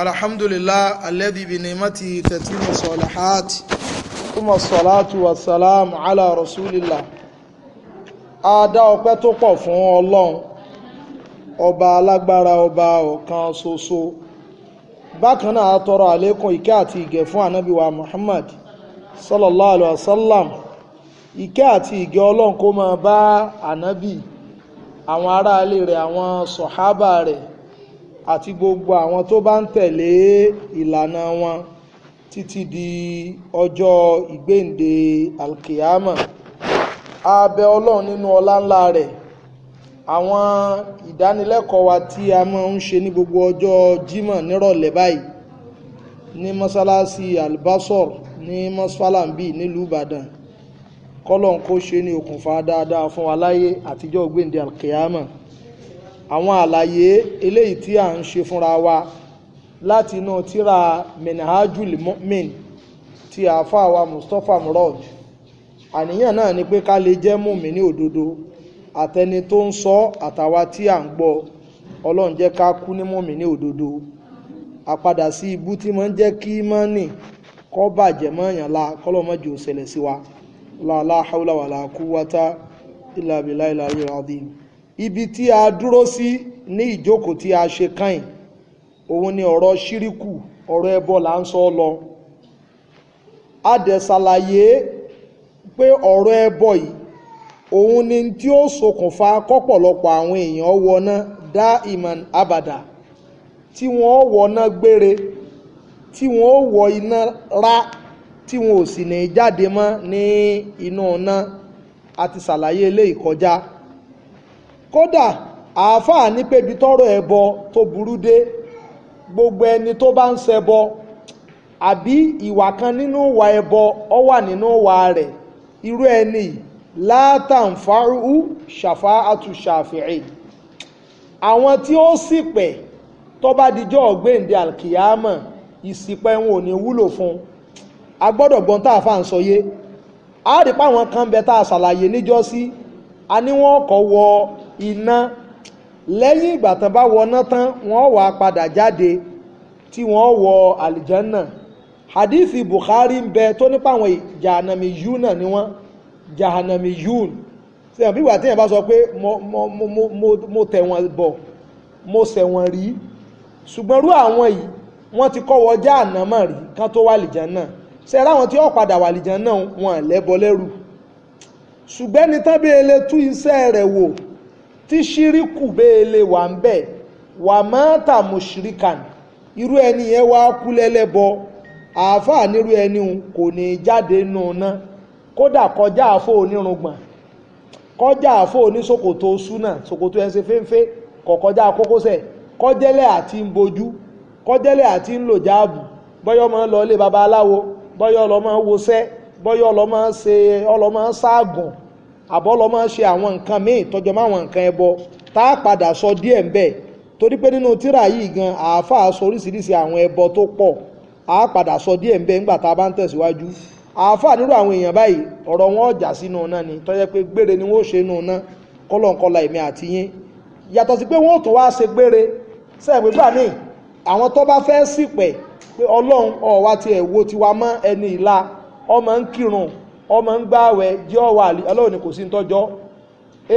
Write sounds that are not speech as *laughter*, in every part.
الحمد لله الذي بنعمته تتم الصالحات ثم الصلاة والسلام على رسول الله a dá ọpẹ́ tó pọ̀ fún Ọlọ́run ọba alágbára ọba ọ̀kan ṣoṣo bákan náà a tọrọ àlékún ìkẹ́ àti ìgẹ̀ fún ànábì wa Muhammad sallallahu alaihi wasallam ìkẹ́ àti ìgẹ̀ Ọlọ́run kó máa bá ànábì àwọn aráalé rẹ̀ àwọn sọ̀hábà rẹ̀ àti gbogbo àwọn tó bá ń tẹ̀lé ìlànà wọn títí di ọjọ́ ìgbéǹde alkiyama a bẹ ọlọ́run nínú ọlá ńlá rẹ̀ àwọn ìdánilẹ́kọ̀ọ́ wa tí a máa ń ṣe ní gbogbo ọjọ́ jímọ̀ nírọ̀lẹ́ báyìí ní mọ́sálásí albasor ní mọ́sálàmbì nílùú ìbàdàn kọ́lọ́n kó ṣe ní okùnfà dáadáa fún wa láyé àtijọ́ gbéǹde alkiyama àwọn àlàyé eléyìí tí a ń ṣe fúnra wa láti inú tíra menahajul mu'min ti àáfàá wa mustapha murad àníyàn náà ni pé ká lè jẹ́ mùmí ní òdodo àtẹni tó ń sọ àtàwa tí à ń gbọ́ ọlọ́run jẹ́ ká kú ní mùmí ní òdodo àpadà sí ibú tí máa ń jẹ́ kí mọ́nì kọ́ bàjẹ́ mọ́yàn la kọ́lọ́mọ́jì ò ṣẹlẹ̀ sí wa la la hawla wala quwwata illa billahi al-aliyyil ibi tí a dúró sí ní ìjókòó tí a ṣe káyìn òun ni ọ̀rọ̀ ṣíríkù ọ̀rọ̀ ẹbọ là ń sọ lọ a dẹ̀ ṣàlàyé pé ọ̀rọ̀ ẹbọ yìí òun ni tí ó ṣokùnfà kọ́pọ̀lọpọ̀ àwọn èèyàn wọná dá iman abada tí wọ́n wọná gbére tí wọ́n wọ iná rá tí wọn ò sì ní jáde mọ́ ní inú ọ̀nà àti ṣàlàyé eléyìí kọjá. Ja kódà àáfàá ní pé ibi tọrọ ẹbọ tó burú dé gbogbo ẹni tó bá ń ṣẹbọ àbí ìwà kan nínú ìwà ẹbọ ọ wà nínú ìwà rẹ̀ irú ẹni látàǹfààrú ṣàfà àtúnṣàfìrì àwọn tí ó sì pẹ̀ tó bá dijọ́ alkiyama ìsìpẹ́ wọn ò ní wúlò fún a gbọ́dọ̀ gbọ́n tá a fà ń sọ yé a rí páwọn kan bẹ tá a ṣàlàyé níjọ́sí a ní wọ́n kọ́ wọ iná lẹ́yìn ìgbà tán bá wọná tán wọ́n wà padà jáde tí wọ́n wọ àlìjánà hadithi Bukhari ń bẹ tó nípa àwọn jahanami yun náà ni wọ́n jahanami yun sẹ́yìn bí ìgbà tí yẹn bá sọ pé mo tẹ̀ wọ́n bọ̀ mo ṣẹ̀ wọ́n rí ṣùgbọ́n rú àwọn yìí wọ́n ti kọ́ wọ jahanama rí kán tó wà àlìjánà sẹ́ra àwọn tí wọ́n padà wà àlìjánà wọn lẹ́bọ lẹ́rù ṣùgbẹ́ni tábìlẹ̀ tú iṣẹ́ rẹ̀ wò tí ṣíríkù béèlè wà ń bẹ̀ wà mọ́tà mùṣíríkàn irú ẹni yẹn wá kú lẹ́lẹ́bọ àáfàá nírú ẹni kò ní jáde nù ná kódà kọjá àfọ onírùngbọ̀n kọjá àfọ oníṣòkòtò súnà ṣòkòtò ẹsẹ fẹ́ńfẹ́ kọ̀kọjá kókósẹ̀ kọjẹ́lẹ̀ àti ń bojú kọjẹ́lẹ̀ àti ń lò jáàbù bọ́yọ́ máa lọ ilé babaláwo bọ́yọ́ lọ máa wọṣẹ́ bọ́yọ́ lọ máa ṣe ọlọ máa ń àbọ̀ lọ máa ń ṣe àwọn nǹkan míì tọjọ́ mọ́ àwọn nǹkan ẹbọ tá a padà sọ díẹ̀ ń bẹ̀ torí pé nínú tírà yìí gan àáfàá sọ oríṣiríṣi àwọn ẹbọ tó pọ̀ a padà sọ díẹ̀ ń bẹ̀ tá a bá ń tẹ̀síwájú àáfàá nírú àwọn èèyàn báyìí ọ̀rọ̀ wọn ọjà sínú náà ni tó jẹ́ pé gbére ni wọ́n ó ṣe nù náà kọ́lọ̀ǹkọlà èmi àti yín yàtọ̀ sí pé wọ́n tún wá ṣe gbére sẹ́ẹ̀pẹ́ gbà míì àwọn tó bá fẹ́ ṣìpẹ̀ pé ọlọ́run ọmọ ń gbààwẹ̀ jẹ́ ọwọ́ àlè ọlọ́run ni kò sí tọ́jọ́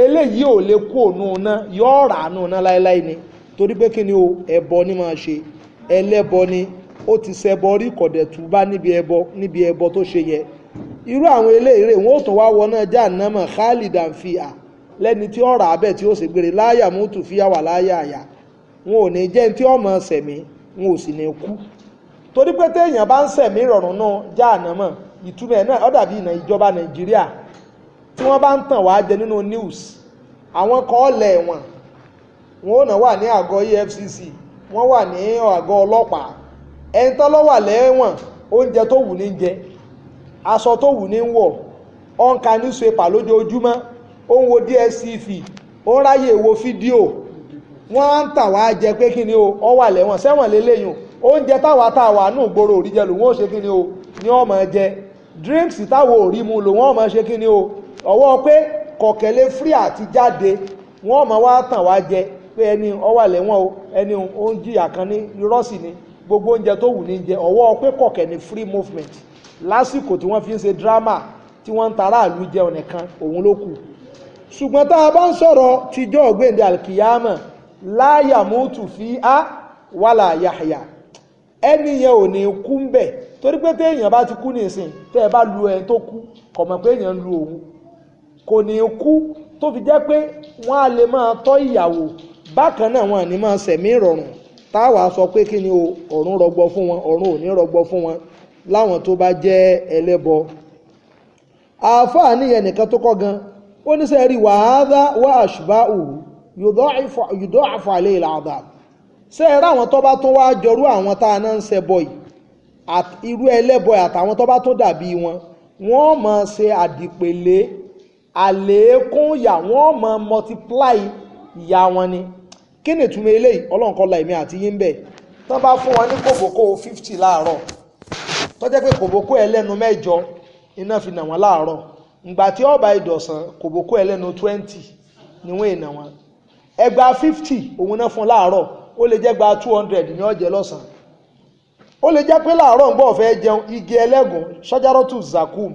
eléyìí ò lè kú ònú iná yóò rà ánú iná láéláé ni torí pé kí ni o ẹbọ ni máa ṣe ẹlẹ́bọ ni ó ti ṣẹbọ rí kọ̀dẹ̀tù bá níbi ẹbọ níbi ẹbọ tó ṣe yẹ irú àwọn eléyìí rẹ̀ wọ́n ó tún wá wọ náà jahannama khalidan fiha lẹ́ni tí ọ̀rọ̀ abẹ́ tí ó sì gbére láyà mútu fíyà wà láyà àyà wọn ò ní jẹ́ tí ọmọ sẹ̀mí wọn ò sì ní kú torí pé téèyàn bá ń sẹ̀mí rọ̀rùn náà jahannama ìtumọ̀ ẹ̀ náà dàbí ìnà ìjọba nàìjíríà tí wọ́n bá ń tàn wá jẹ nínú news àwọn kan lẹ̀ wọn ò náà wà ní EFCC wọ́n wà ní àgọ́ ọlọ́pàá ẹni tán ló lẹ́wọ̀n oúnjẹ tó wù ní jẹ aṣọ tó wù ní wọ̀ lójoojúmọ́ ó ń wo DSTV ó ń ráyè wo fídíò ọ wà lẹ́wọ̀n sẹ́wọ̀n lélẹ́yìn oúnjẹ táwa táwa gbòòrò ni o ní jẹ drinks táwọn ò rí mu lò wọ́n máa ṣe kí ni o ọwọ́ pé kọ̀kẹ́lé free àti jáde wọ́n máa wá tàn wá jẹ pé ẹni ó wà o ẹni ó ń jìyà kan ní irọ́sì ni gbogbo oúnjẹ tó wù ní jẹ ọwọ́ pé kọ̀kẹ́ ni free movement lásìkò tí wọ́n fi ń ṣe drama tí wọ́n ń tara àlú jẹ ọ̀nìkan òun ló kù ṣùgbọ́n tá a bá ń sọ̀rọ̀ tíjọ́ ọ̀gbẹ́ndẹ̀ alkiyama láyàmútù fi á wàlà yàhàyà ẹni yẹn ò ní kú ń bẹ̀ torí pé téèyàn bá ti kú ní ìsìn ẹ bá lu ẹ tó kú kò mọ̀ pé èèyàn ń lu òun kò ní í kú tó fi jẹ́ pé wọ́n á lè máa tọ́ ìyàwó bákan náà wọn ní máa sẹ̀mí ìrọ̀rùn táwa sọ pé kí ni ọ̀run rọgbọ fún wọn ọ̀run ò ní rọgbọ fún wọn láwọn tó bá jẹ́ ẹlẹ́bọ àáfàá nìyẹn nìkan tó kọ́ gan ó ní sẹ́ẹ̀rí wàhálà wà àṣùbá òwú yòdó àfàlẹ́ ìlàdà sẹ́ẹ̀rí àwọn tó bá tún wá jọrú àwọn tá a náà ń ṣẹbọ yìí irú ẹlẹ́bọ àtàwọn tó bá tó dàbí wọn wọ́n máa ṣe àdìpèlé àlékún ìyà wọ́n máa multiply ìyà wọn ni kí ni ìtumọ̀ eléyìí ọlọ́run kọ́ la èmi àti yín bẹ̀ tán bá fún wọn ní kòbókò fifty láàárọ̀ tó jẹ́ pé kòbókò ẹlẹ́nu mẹ́jọ iná fi nà wọ́n láàárọ̀ ìgbà tí ọba ìdọ̀sán kòbókò ẹlẹ́nu twenty ni wọ́n ìnà wọn ẹgbàá fifty òun náà fún láàárọ̀ ó lè jẹ́ gba two hundred ní ọ̀jẹ̀ lọ́sàn-án ó lè jẹ́ pé láàárọ̀ ń bọ̀ fẹ́ jẹun igi ẹlẹ́gùn ṣájárọ́tù zakum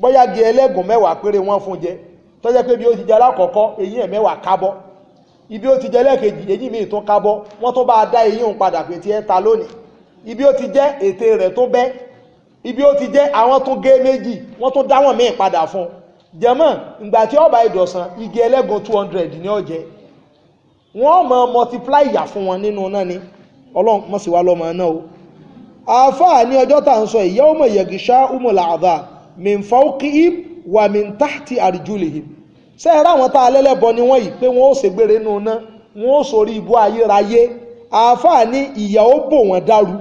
bóyá igi ẹlẹ́gùn mẹ́wàá péré wọ́n fún jẹ tó jẹ́ pé bí ó ti jẹ alákọ̀ọ́kọ́ eyín ẹ̀ mẹ́wàá kábọ́ ibi ó ti jẹ lẹ́ẹ̀kejì eyín mi tún kábọ́ wọ́n tó bá dá eyín òun padà pé ta lónìí ibi ó ti jẹ́ ète rẹ̀ tó bẹ́ ibi ó ti jẹ́ àwọn tún gé méjì wọ́n tún dáwọn míì padà fún jẹmọ́ ìgbà tí ọba ìdọ̀sán igi àáfàá ní ọjọ́ tá à ń sọ ìyá ọmọ ìyẹ̀gìṣà umola àdá mìfọ́kìhìm wà mìntàtì àrìjúlìhìm ṣé ẹ ráwọn tá a lẹ́lẹ́bọ ni wọ́n yìí pé wọ́n ó ṣègbére nù ná wọ́n ó sọrí ibú ayérayé àáfàá ní ìyà bò wọ́n dàrú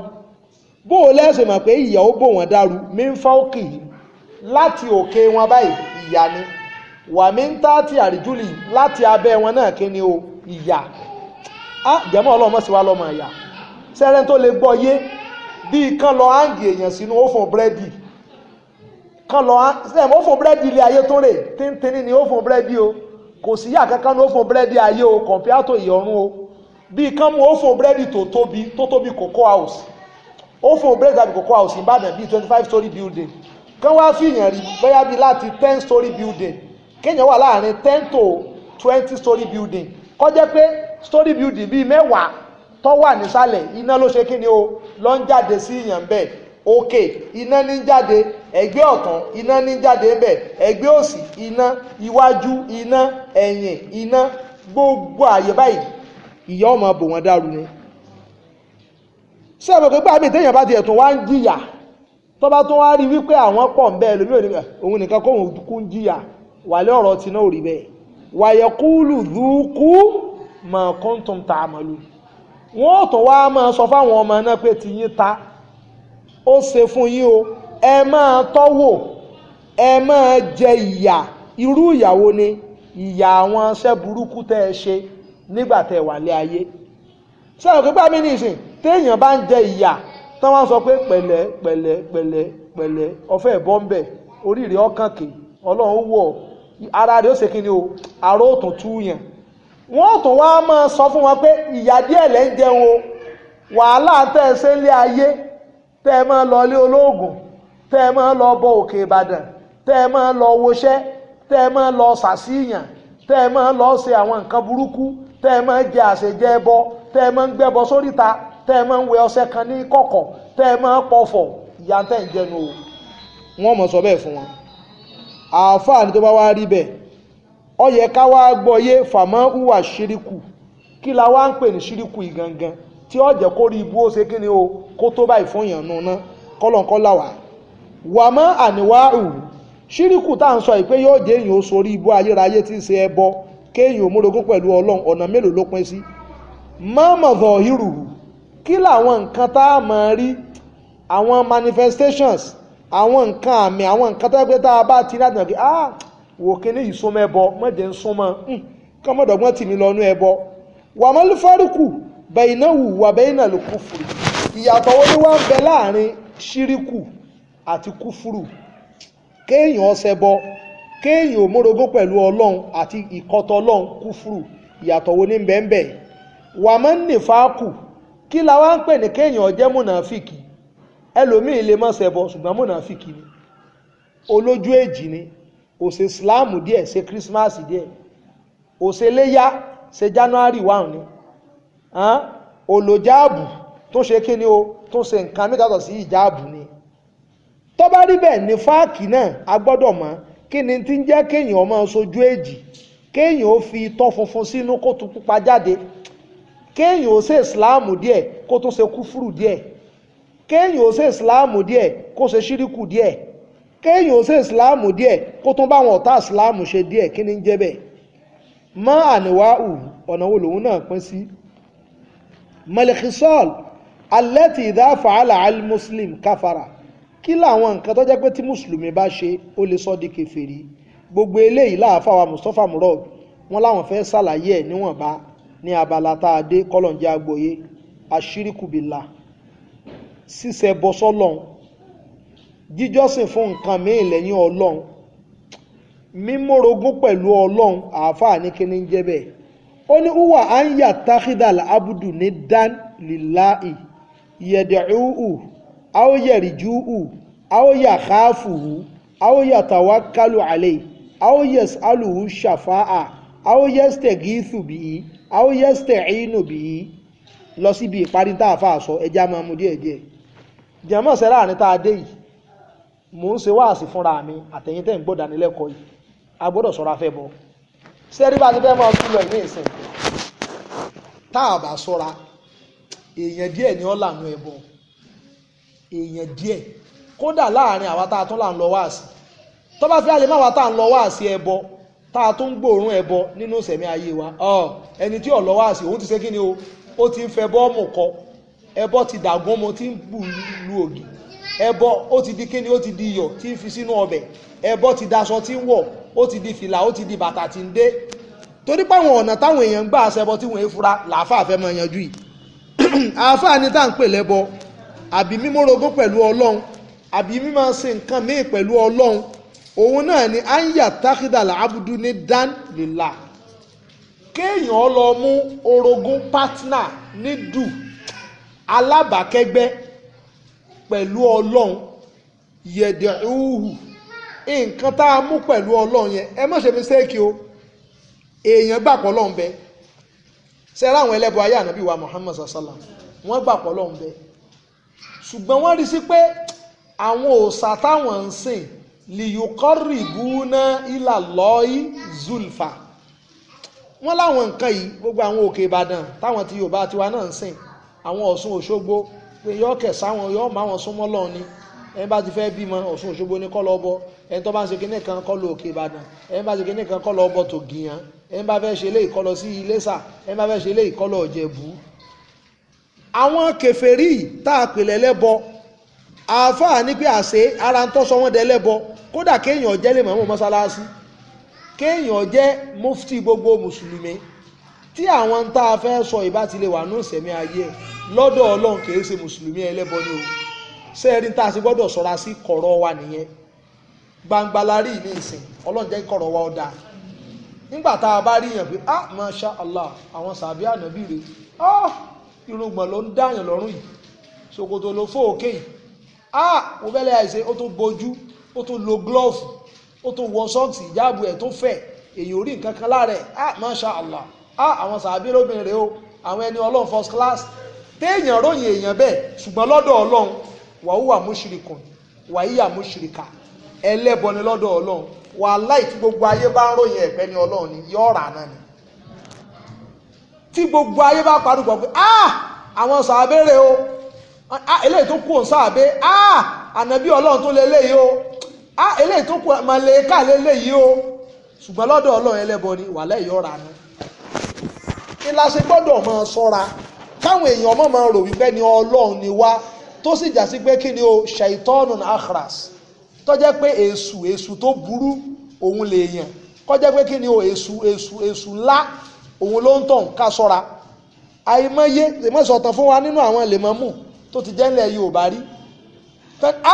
bó o lẹ́sẹ̀ mọ̀ pé ìyà bò wọ́n dàrú mìfọ́kìhìm láti òkè wọn báyìí ìyà ni wà mìntàtì àrìjúlìhìm láti abẹ́ wọn náà kí ni o ìyà ah jẹ́mọ́ ọlọ́mọ bíi kán lọ áǹgì èèyàn sínú ófò búrẹ́dì kán lọ áǹgì ófò búrẹ́dì ilé ayé tó rè tíntínní ni ófò búrẹ́dì o kò sí yà kankan ní ófò búrẹ́dì ayé o kọ̀m̀pútà ìyọ̀run o bíi kán mú ófò búrẹ́dì tó tóbi tó tóbi cocoa house ófò búrẹ́dì tàbí cocoa house ìbàdàn bíi twenty five story building kán wá fìyàn rí bóyá bíi láti ten story building kéèyàn wà láàrin ten to twenty story building kọjá pé story building bíi mẹ́wàá tó wà nísàlẹ̀ iná ló ṣe kíni o lọ ń jáde sí ìyàn bẹ́ẹ̀ òkè iná ní jáde ẹ̀gbẹ́ ọ̀tún iná ní jáde bẹ́ẹ̀ ẹ̀gbẹ́ òsì iná iwájú iná ẹ̀yìn iná gbogbo àyè báyìí ìyá ọmọ bò wọ́n dàrú ni sẹ́ẹ̀bù pé gbàgbé téèyàn bá tiẹ̀ tó wá ń jìyà tó bá tó wá rí wípé àwọn pọ̀ ń bẹ́ẹ̀ lómi òní òun nìkan kó òun kú ń jìyà wàlẹ́ ọ̀rọ̀ tiná ò rí bẹ́ẹ̀ wàyẹ̀kúlù dúkú mọ̀ wọ́n ò tó wá máa sọ fáwọn ọmọ náà pé ti yín ta ó ṣe fún yín o ẹ máa tọ́wò ẹ máa jẹ ìyà irú ìyàwó ni ìyà àwọn iṣẹ́ burúkú tẹ́ ẹ ṣe nígbà tẹ́ ẹ wà lé ayé sọ̀rọ̀ pípa mi nìsín téèyàn bá ń jẹ ìyà tán wá sọ pé pẹ̀lẹ́ pẹ̀lẹ́ pẹ̀lẹ́ pẹ̀lẹ́ ọ̀fẹ́ ẹ̀bọ́n oríire ọkàn kì ọlọ́run wọ̀ ara rẹ̀ ó ṣe kí ni o àrò òtún túyàn wọ́n tó wá máa sọ fún wọn pé ìyà díẹ̀ lẹ́ ń jẹun o wàhálà tẹ́ ẹ ṣe lé ayé tẹ́ ẹ máa lọ lé olóògùn tẹ́ ẹ máa lọ bọ òkè ìbàdàn tẹ́ ẹ máa lọ wọṣẹ́ tẹ́ ẹ máa lọ sàṣìyàn tẹ́ ẹ máa lọ ṣe àwọn nǹkan burúkú tẹ́ ẹ máa jẹ àṣejẹ ẹbọ tẹ́ ẹ máa ń gbẹ́bọ sóríta tẹ́ ẹ máa ń wẹ ọṣẹ kan ní kọ̀kọ̀ tẹ́ ẹ máa pọ̀fọ̀ ìyà tẹ́ ń jẹnu o wọ́n mọ̀ sọ bẹ́ẹ̀ fún wọn àáfàá ni tó bá wá rí bẹ́ẹ̀ ó yẹ ká wá gbọ́ yé fàmọ́ hùwà ṣíríkù kí la wá ń pè ní ṣíríkù yìí tí ó kó rí ibú ó ṣe kí ni o kó tó báyìí fún yàn nùnà kọ́lọ̀kọ́lá wà. wàmọ́ àníwá ìwù ṣíríkù tá à ń sọ yìí pé yóò jẹ́ èèyàn ó sorí ibú ayérayé tí ń ṣe ẹbọ kéèyàn ó múrogún pẹ̀lú ọlọ́run ọ̀nà mélòó ló pín sí. mọ́mọ́dọ̀ hírù kí làwọn nǹkan tá a máa rí àwọn manifestations àwọn nǹkan àmì àwọn nǹkan tó yẹ pé tá a bá ti rí àdìyàn ah wò kíní yìí súnmọ́ ẹbọ mọ̀jẹ̀ ń súnmọ́ kọ́mọ́dọ̀gbọ́n ẹbọ wà má lùfárùkù bẹ̀yìnáwù wà ni bẹ láàrin ṣíríkù àti kúfùrù kéèyàn ọsẹ kéèyàn pẹ̀lú ọlọ́run àti ìkọ́tọ̀ ọlọ́run kúfùrù ìyàtọ̀ ni ń bẹ ń má ń kí la wá ń pè ní kéèyàn jẹ́ múnàfíkì ẹlòmíì lè má ṣẹbọ ṣùgbọ́n múnàfíkì ni olójú ó ṣe Islam díẹ̀ ṣe Christmas díẹ̀ ó ṣe léyà ṣe January one ni olùjáàbù tó ṣe kí ni o tó ṣe nǹkan nígbàtọ̀ sí ìjáàbù ni tó bá rí bẹ́ẹ̀ ní fáàkì náà a gbọ́dọ̀ mọ̀ kí ni ti ń jẹ́ kéèyàn ọmọ sojú èjì kéèyàn ó fi itọ́ funfun sínú kó tún pupa jáde kéèyàn ó ṣe ìsìláàmù díẹ̀ kó tún ṣe kúfúrù díẹ̀ kéèyàn ó ṣe ìsìláàmù díẹ̀ kó ṣe ṣíríkù díẹ̀ kéèyàn ó ṣe ìsìláàmù díẹ̀ kó tún bá àwọn ọ̀tá ìsìláàmù ṣe díẹ̀ kí ni ń jẹ́ bẹ́ẹ̀ má àníwá ù ọ̀nà wo lòun náà pín sí. malikisol alẹ́tì ìdáfà àlàálì muslim káfara kí làwọn nǹkan tó jẹ́ pé tí mùsùlùmí bá ṣe ó lè sọ di kèfèrí gbogbo eléyìí láàfà wa mustapha murad wọn láwọn fẹ́ ṣàlàyé ẹ̀ níwọ̀nba ní abala tá a dé kọ́lọ̀njẹ́ àgbòye àṣírí kùbìlà ṣíṣẹ́ bọ́ sọ́lọ́hún jíjọ́sìn fún nǹkan mìíràn lẹ́yìn ọlọ́run mímórogún pẹ̀lú ọlọ́run àáfàá ní kíní ń jẹ́ bẹ́ẹ̀ ó ní uwa anya tahidal abudu ní dan lilahi yẹ̀dẹ̀ẹ́hù aoyẹ̀rìjúhù aoyàkáfùhù aoyàtàwákálù àlẹ́ aoyẹ̀sálùhù ṣàfáà aoyẹ̀stẹ̀gíìsù bìí aoyẹ̀stẹ̀ínù bìí lọ síbi ìparí tá a fà sọ ẹja máa mú díẹ̀díẹ̀ jẹ́mọ̀ sẹ́láàrin tá a dé yìí mò ń ṣe wáàsí fúnra mi àtẹ̀yìn tẹ̀ ń gbọ́ dánilẹ́kọ̀ọ́ yìí a gbọ́dọ̀ sọ́ra fẹ́ bọ́ sẹ́rí bá ti fẹ́ máa tún lọ ní ìsìn tá a bá sọ́ra èèyàn díẹ̀ ni ọ́ lànà ẹbọ èèyàn díẹ̀ kódà láàrin àwa tá a tún là ń lọ wáàsí tó bá fi àlè má wa tá a ń lọ wáàsí ẹbọ tá a tún gbòòrùn ẹbọ nínú ìsẹ̀mí ayé wa ẹni tí ò wáàsí òun ti ṣe kí ni o ó ti ń fẹ́ bọ́ọ̀mù kọ ẹbọ ti dàgún mo ti ń bù lu ògì ẹbọ ó ti di kíni ó ti di iyọ̀ tí ń fi sínú ọbẹ̀ ẹbọ ti daṣọ tí ń wọ̀ ó ti di fìlà ó ti di bàtà tí ń dé torí páwọn ọ̀nà táwọn èèyàn ń gbà aṣẹbọ tí wọ́n fura làáfàá fẹ́ máa yanjú yìí *clears throat* àáfàá ni tá à ń pè lẹ́bọ àbí mímọ́ rogún pẹ̀lú ọlọ́run àbí mímọ́ ṣe nǹkan míì pẹ̀lú ọlọ́run òun náà ni anya takidala abudu ní dan lila kéèyàn lọ mú orogún partner ní dù alábàákẹ́gbẹ́ pẹ̀lú ọlọ́run yẹ̀dẹ̀húhù nǹkan tá a mú pẹ̀lú ọlọ́run yẹn ẹ má ṣe mistake o èèyàn gbà pọ̀ lọ́n bẹ sẹ́rẹ́ àwọn ẹlẹ́bọ ayé ànábì wa Muhammad sasala wọ́n gbà pọ̀ lọ́n bẹ ṣùgbọ́n wọ́n rí sí pé àwọn òòṣà táwọn ń sìn lìyókọ́rì búná ìlà lọ́ọ́yì zulfa wọ́n láwọn nǹkan yìí gbogbo àwọn òkè Ìbàdàn táwọn ti Yorùbá tiwa náà ń sìn àwọn Ọ̀ṣun Òṣogbo pé yọ kẹ̀ sáwọn yọ máa wọn súnmọ́ lọ́ọ̀ ni ẹni bá ti fẹ́ bímọ Ọ̀ṣun Òṣogbo ni kọ́ lọ bọ ẹni tó bá ń ṣe kinní kan kọ́ lọ Òkè Ìbàdàn ẹni bá ṣe kinní kan kọ́ lọ bọ tògìyàn ẹni bá fẹ́ ṣe eléyìí kọ́ lọ sí Iléṣà ẹni bá fẹ́ ṣe eléyìí kọ́ lọ Ìjẹ̀bú. àwọn kèfèrí tá a pè lẹ́lẹ́bọ àáfàá ní pé àṣé ara ń tọ́sọ wọn dẹ́lẹ́bọ kódà kéèyàn jẹ́ lè mọ̀ọ́mọ́ mọ́sálásí kéèyàn jẹ́ mufti gbogbo mùsùlùmí tí àwọn tá a fẹ́ sọ ìbá lọ́dọ̀ ọlọ́run kìí ṣe mùsùlùmí ẹlẹ́bọ ni o sẹ́ẹ̀rí tá a sì gbọ́dọ̀ sọ́ra sí kọ̀rọ̀ wa nìyẹn gbangba la rí ní ìsìn ọlọ́run jẹ́ kọ̀rọ̀ wa ọ̀dà nígbà tá a bá rí yàn pé ah masha allah àwọn sàbí ànábì rè ah irùngbọ̀n ló ń dáyàn lọ́rùn yìí ṣòkòtò ló fò òkè yìí ah mo fẹ́ lẹ́yà ìṣe ó tún bojú ó tún lo glove ó tún wọ sọ́ọ̀tì ìjáàbù ẹ̀ tó fẹ̀ èyí ò rí nǹkan kan láàrẹ̀ ah masha allah ah àwọn sàbí lóbìnrin rè o àwọn ẹni ọlọ́run first class téèyàn ròyìn èèyàn bẹ́ẹ̀ ṣùgbọ́n lọ́dọ̀ ọlọ́run wàhùwà mushrikun wàhíyà mushrika ẹlẹ́bọ ni lọ́dọ̀ ọlọ́run wàláì tí gbogbo ayé bá ń ròyìn ẹ̀pẹ́ ni ọlọ́run ni yọ ọ̀rà náà ni tí gbogbo ayé bá parúgbọ̀ pé ah àwọn sàbẹ̀rẹ̀ o ah eléyìí tó kù òun sàbẹ̀ ah ànàbí ọlọ́run tó lé eléyìí o ah eléyìí tó kù màlẹ́kà lé eléyìí o ṣùgbọ́n lọ́dọ̀ ọlọ́run ẹlẹ́bọ ni wàláì yọ ọ̀rà náà ìlàsẹ̀ gbọ́dọ̀ máa ṣọ́ra káwọn èèyàn ọmọ máa rò wípé ni ọlọ́run ni wá tó sì jà sí pé kí ni o ṣàìtọ́nù akhras tó jẹ́ pé èṣù èṣù tó burú òun lè yàn kó jẹ́ pé kí ni o èṣù èṣù èṣù ńlá òun ló ń tàn ká sọ́ra àìmọye ìmọ̀sọ̀tàn fún wa nínú àwọn lèmọ́mù tó ti jẹ́lẹ̀ Yorùbá rí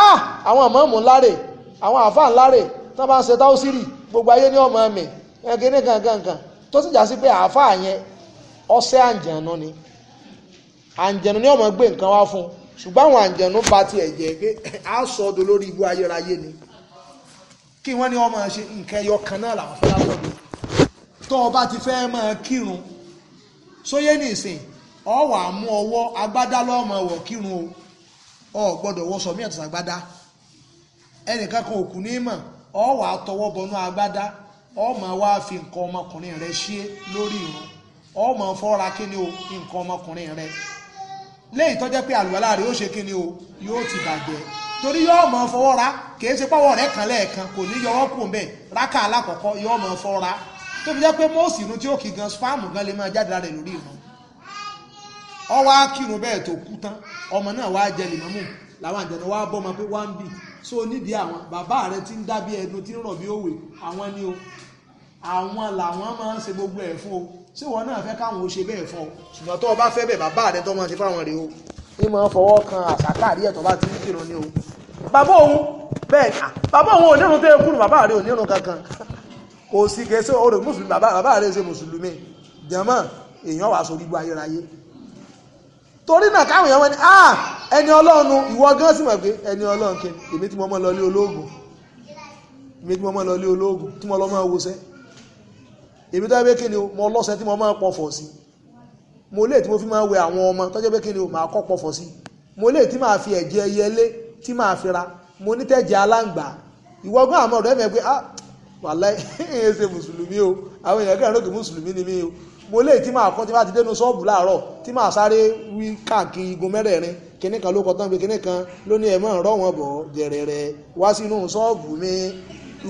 ah! àwọn àmọ́mù ńláre àwọn àfáà ńláre tó bá ń ṣe táwọ́sírì gbogbo ayé ní ọmọ mi ẹ̀kẹ́ ní kankan tó sì jà sí pé àfáà yẹn ọ̀sẹ̀ àǹjànú ni àǹjẹ̀nù ni ọmọ gbé nǹkan wá fún ṣùgbọ́n àwọn àǹjẹ̀nù bá tiẹ̀ jẹ́ pé á sọ ọdọ lórí ibú ayérayé ni kí wọ́n ní ọmọ ṣe nǹkan ẹyọ kan náà làwọn fẹ́ lásọ̀dọ̀ tó o bá ti fẹ́ máa kírun sóyé nìsín ọ wà á mú ọwọ́ agbádá lọ́mọ wọ̀ kírun o ọ gbọ́dọ̀ wọ́ sọ mí ẹ̀tọ́ sàgbádá ẹnìkan kan òkú ní mọ̀ ọ wà á tọwọ́ bọnú agbádá ọ máa wá fi nǹkan ọmọkùnrin rẹ ṣe lórí ìrun ọ máa fọ́ra kí ni o nǹkan ọmọkùnrin rẹ léyìí tó pé àlùwàlá rẹ̀ ó ṣe kí ni o yóò ti bàjẹ́ torí yóò mọ̀ fọwọ́ ra kìí ṣe pọ́wọ́ rẹ̀ kò ní yọwọ́ kù mbẹ́ rákà alákọ̀ọ́kọ́ yóò mọ̀ ra tó fi jẹ́ pé mọ́ọ̀sì inú tí ó kì gan spáàmù gan lè máa jáde rẹ̀ lórí ọ ọwọ́ kírun bẹ́ẹ̀ tó kú tán ọmọ náà jẹ làwọn àjẹnú bọ́ ọmọ pé wá ń so nídìí àwọn bàbá rẹ ti ń ẹnu ń rọ̀ bí òwe o àwọn làwọn máa ń gbogbo ẹ̀ fún o ṣé wọn náà fẹ́ káwọn ò ṣe bẹ́ẹ̀ fún ọ ṣùgbọ́n tó o bá fẹ́ bẹ̀ bàbá rẹ tó máa ṣe fáwọn rẹ o ní máa fọwọ́ kan àṣàkáàrí ẹ̀ tó bá ti ń kírun ni o bàbá òun bẹ́ẹ̀ bàbá òun ò nírun tó yẹ kúrò bàbá rẹ ò nírun kankan kò sí kẹsí ọ̀rọ̀ mùsùlùmí bàbá rẹ ṣe mùsùlùmí jẹmọ èèyàn wàá sórí ibu ayérayé torí náà káwọn èèyàn wọn ni ah ẹni ọlọ́run ìwọ gan sì mọ̀ pé ẹni ọlọ́run kí èmi tí mo mọ̀ lọ lé olóògùn èmi tí mo mọ̀ lọ lé olóògùn tí mo lọ mọ̀ wọṣẹ́ èmi tó yẹ pé kí ni o mo lọ́sẹ̀ tí mo máa pọ̀fọ̀ sí mo lè tí mo fi máa wẹ àwọn ọmọ tó jẹ́ pé kí ni o máa kọ́ pọ̀fọ̀ sí mo lè tí máa fi ẹ̀jẹ̀ ẹyẹlé tí máa fi ra mo ní tẹ̀jẹ̀ aláǹgbá ìwọ́gán àmọ́ ọ̀dọ́ ẹ̀mẹ́ pé ah wàláì *laughs* ẹ̀ ṣe mùsùlùmí o àwọn èèyàn kẹrin lókè mùsùlùmí ni mí o mo lè tí máa kọ́ tí máa ti dénú ṣọ́ọ̀bù láàárọ̀ tí máa sáré wí káàkiri igun mẹ́rẹ̀ẹ̀rin kíní kan ló kọ́ tán pé kíní kan ló ní ẹ̀mọ́ ìrọ̀ wọn bọ̀ gẹ̀rẹ̀rẹ̀ wá sínú ṣọ́ọ̀bù mi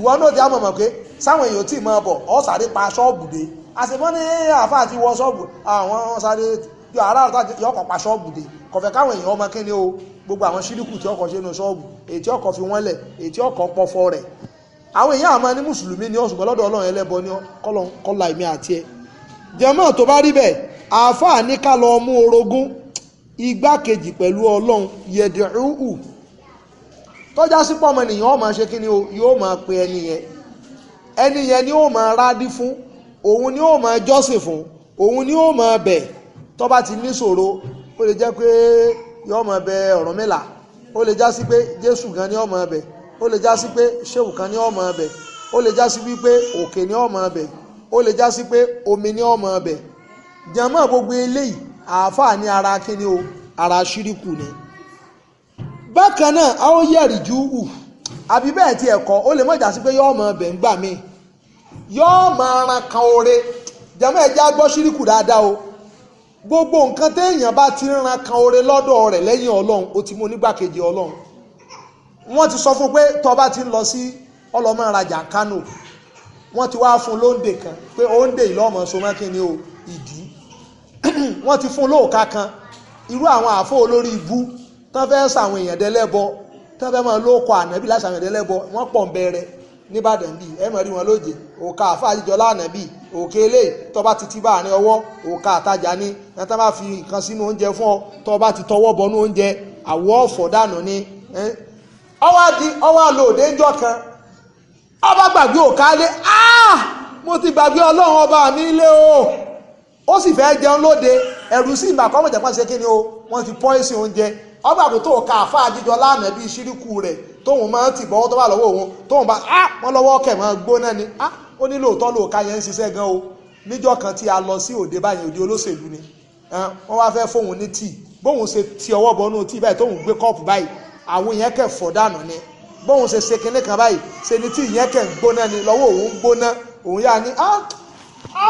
ìwọ náà ti àmọ̀mọ̀ pé sáwọn èèyàn tí ì máa bọ̀ ọ́ sáré pa ṣọ́ọ̀bù dé àṣebọ́n ní àfa àti wọ ṣọ́ọ̀bù àwọn sáré bí ara àtà yọkọ̀ pa ṣọ́ọ̀bù dé kọ̀fẹ́ káwọn èèyàn ọmọ kíni o gbogbo àwọn ṣíríkù tí ọkọ̀ ṣe nu ṣọ́ọ̀bù ètí ọkọ̀ fi wọ́n lẹ̀ ètí ọkọ̀ pọfọ rẹ̀ àwọn èèyàn àmọ́ ní mùsùlùmí ni ọ̀ṣùgbọ́n lọ́dọ̀ ọlọ́run ẹlẹ́bọ ní kọ́lá ìmí àti ẹ̀ jẹ́mọ́ tó bá rí bẹ́ẹ̀ àáfàá ní ká lọ mú orogún igbákejì pẹ̀lú ọlọ́run yẹ̀dẹ̀rúhù tọ́já sí pọ̀ ọmọ ènìyàn ó máa ṣe kí ni o yóò máa pe ẹni yẹn ẹni yẹn ni ó máa rádí fún òun ni ó máa jọ́sìn fún òun ni ó máa bẹ̀ tó bá ti níṣòro ó lè jẹ́ pé yóò máa bẹ ọ̀rọ̀ mẹ́la ó lè já sí pé Jésù gan ni ó máa bẹ̀ ó lè já sí pé ṣéwù kan ni ó máa bẹ̀ ó lè já sí wípé òkè ni ó máa bẹ̀ ó lè já sí pé omi ni ó máa bẹ̀ jàmọ́ gbogbo eléyìí àáfàá ní ara kíni o ara ṣíríkù ni bákan náà a ó yẹ̀rì jù wù àbí bẹ́ẹ̀ tí ẹ̀kọ́ ó lè mọ̀jà sí pé yọ́ọ́ mọ bẹ̀ ń gbà mí yọ́ọ́ mọ ara kan oore jàmọ́ ẹ̀já gbọ́ síríkù dáadáa o gbogbo nǹkan téèyàn bá ti ń ran kan oore lọ́dọ̀ rẹ̀ lẹ́yìn ọlọ́run ó ti mú onígbàkejì ọlọ́run wọ́n ti sọ fún pé tọ́ba ti ń lọ sí ọlọ́mọ ìrajà kánò wọ́n ti wá fún lóńdè kan pé òǹdè ìlọ́mọ sọmọ́kínni o ìdí *clears throat* wọ́n ti fún lóòka kan irú àwọn àfọ́ olórí ibú tán fẹ́ sàwọn èèyàn dẹ́lẹ́bọ tán ànábì láti sàwọn èèyàn dẹ́lẹ́bọ wọ́n pọ̀ ń bẹ̀rẹ̀ nìbàdàn bíi wọn lóje òkà àfáàjíjọ òkè ilé tọ́ba ti ti ọwọ́ òkà àtajà ni bá fi nǹkan sínú oúnjẹ fún ọ tọ́ba ti tọwọ́ bọnú oúnjẹ àwọ̀ ọ̀fọ̀ dànù ọba gbàgbé òkà lé mo ti gbàgbé ọlọ́run ọba mi lé o ó sì fẹ́ jẹun lóde ẹ̀rù sí ìgbà pàṣẹ kí ọgbà pé tóun ka àfa àjíjọ lánàá bíi ṣíríkù rẹ̀ tóun máa ń tì bọ́wọ́ tó bá lọ́wọ́ òun tóun bá á ah, wọ́n lọ́wọ́ kẹ̀ máa gbóná ni á ah, ó ní lóòótọ́ lóòka yẹn ń ṣiṣẹ́ gan o níjọ́ kan tí a lọ sí òde báyìí òde olóṣèlú ni eh, wọ́n wá fẹ́ fóun ní tíì bóun ṣe ti ọwọ́ bọnú tíì báyìí tóun gbé kọ́ọ̀pù báyìí àwọn yẹn kẹ̀ fọ́ dànù ni bóun ṣe ṣe kinní kan báyìí ṣe ni tíì yẹn kẹ̀ ń gbóná ni lọ́wọ́ òun gbóná òun yá ni á ah, á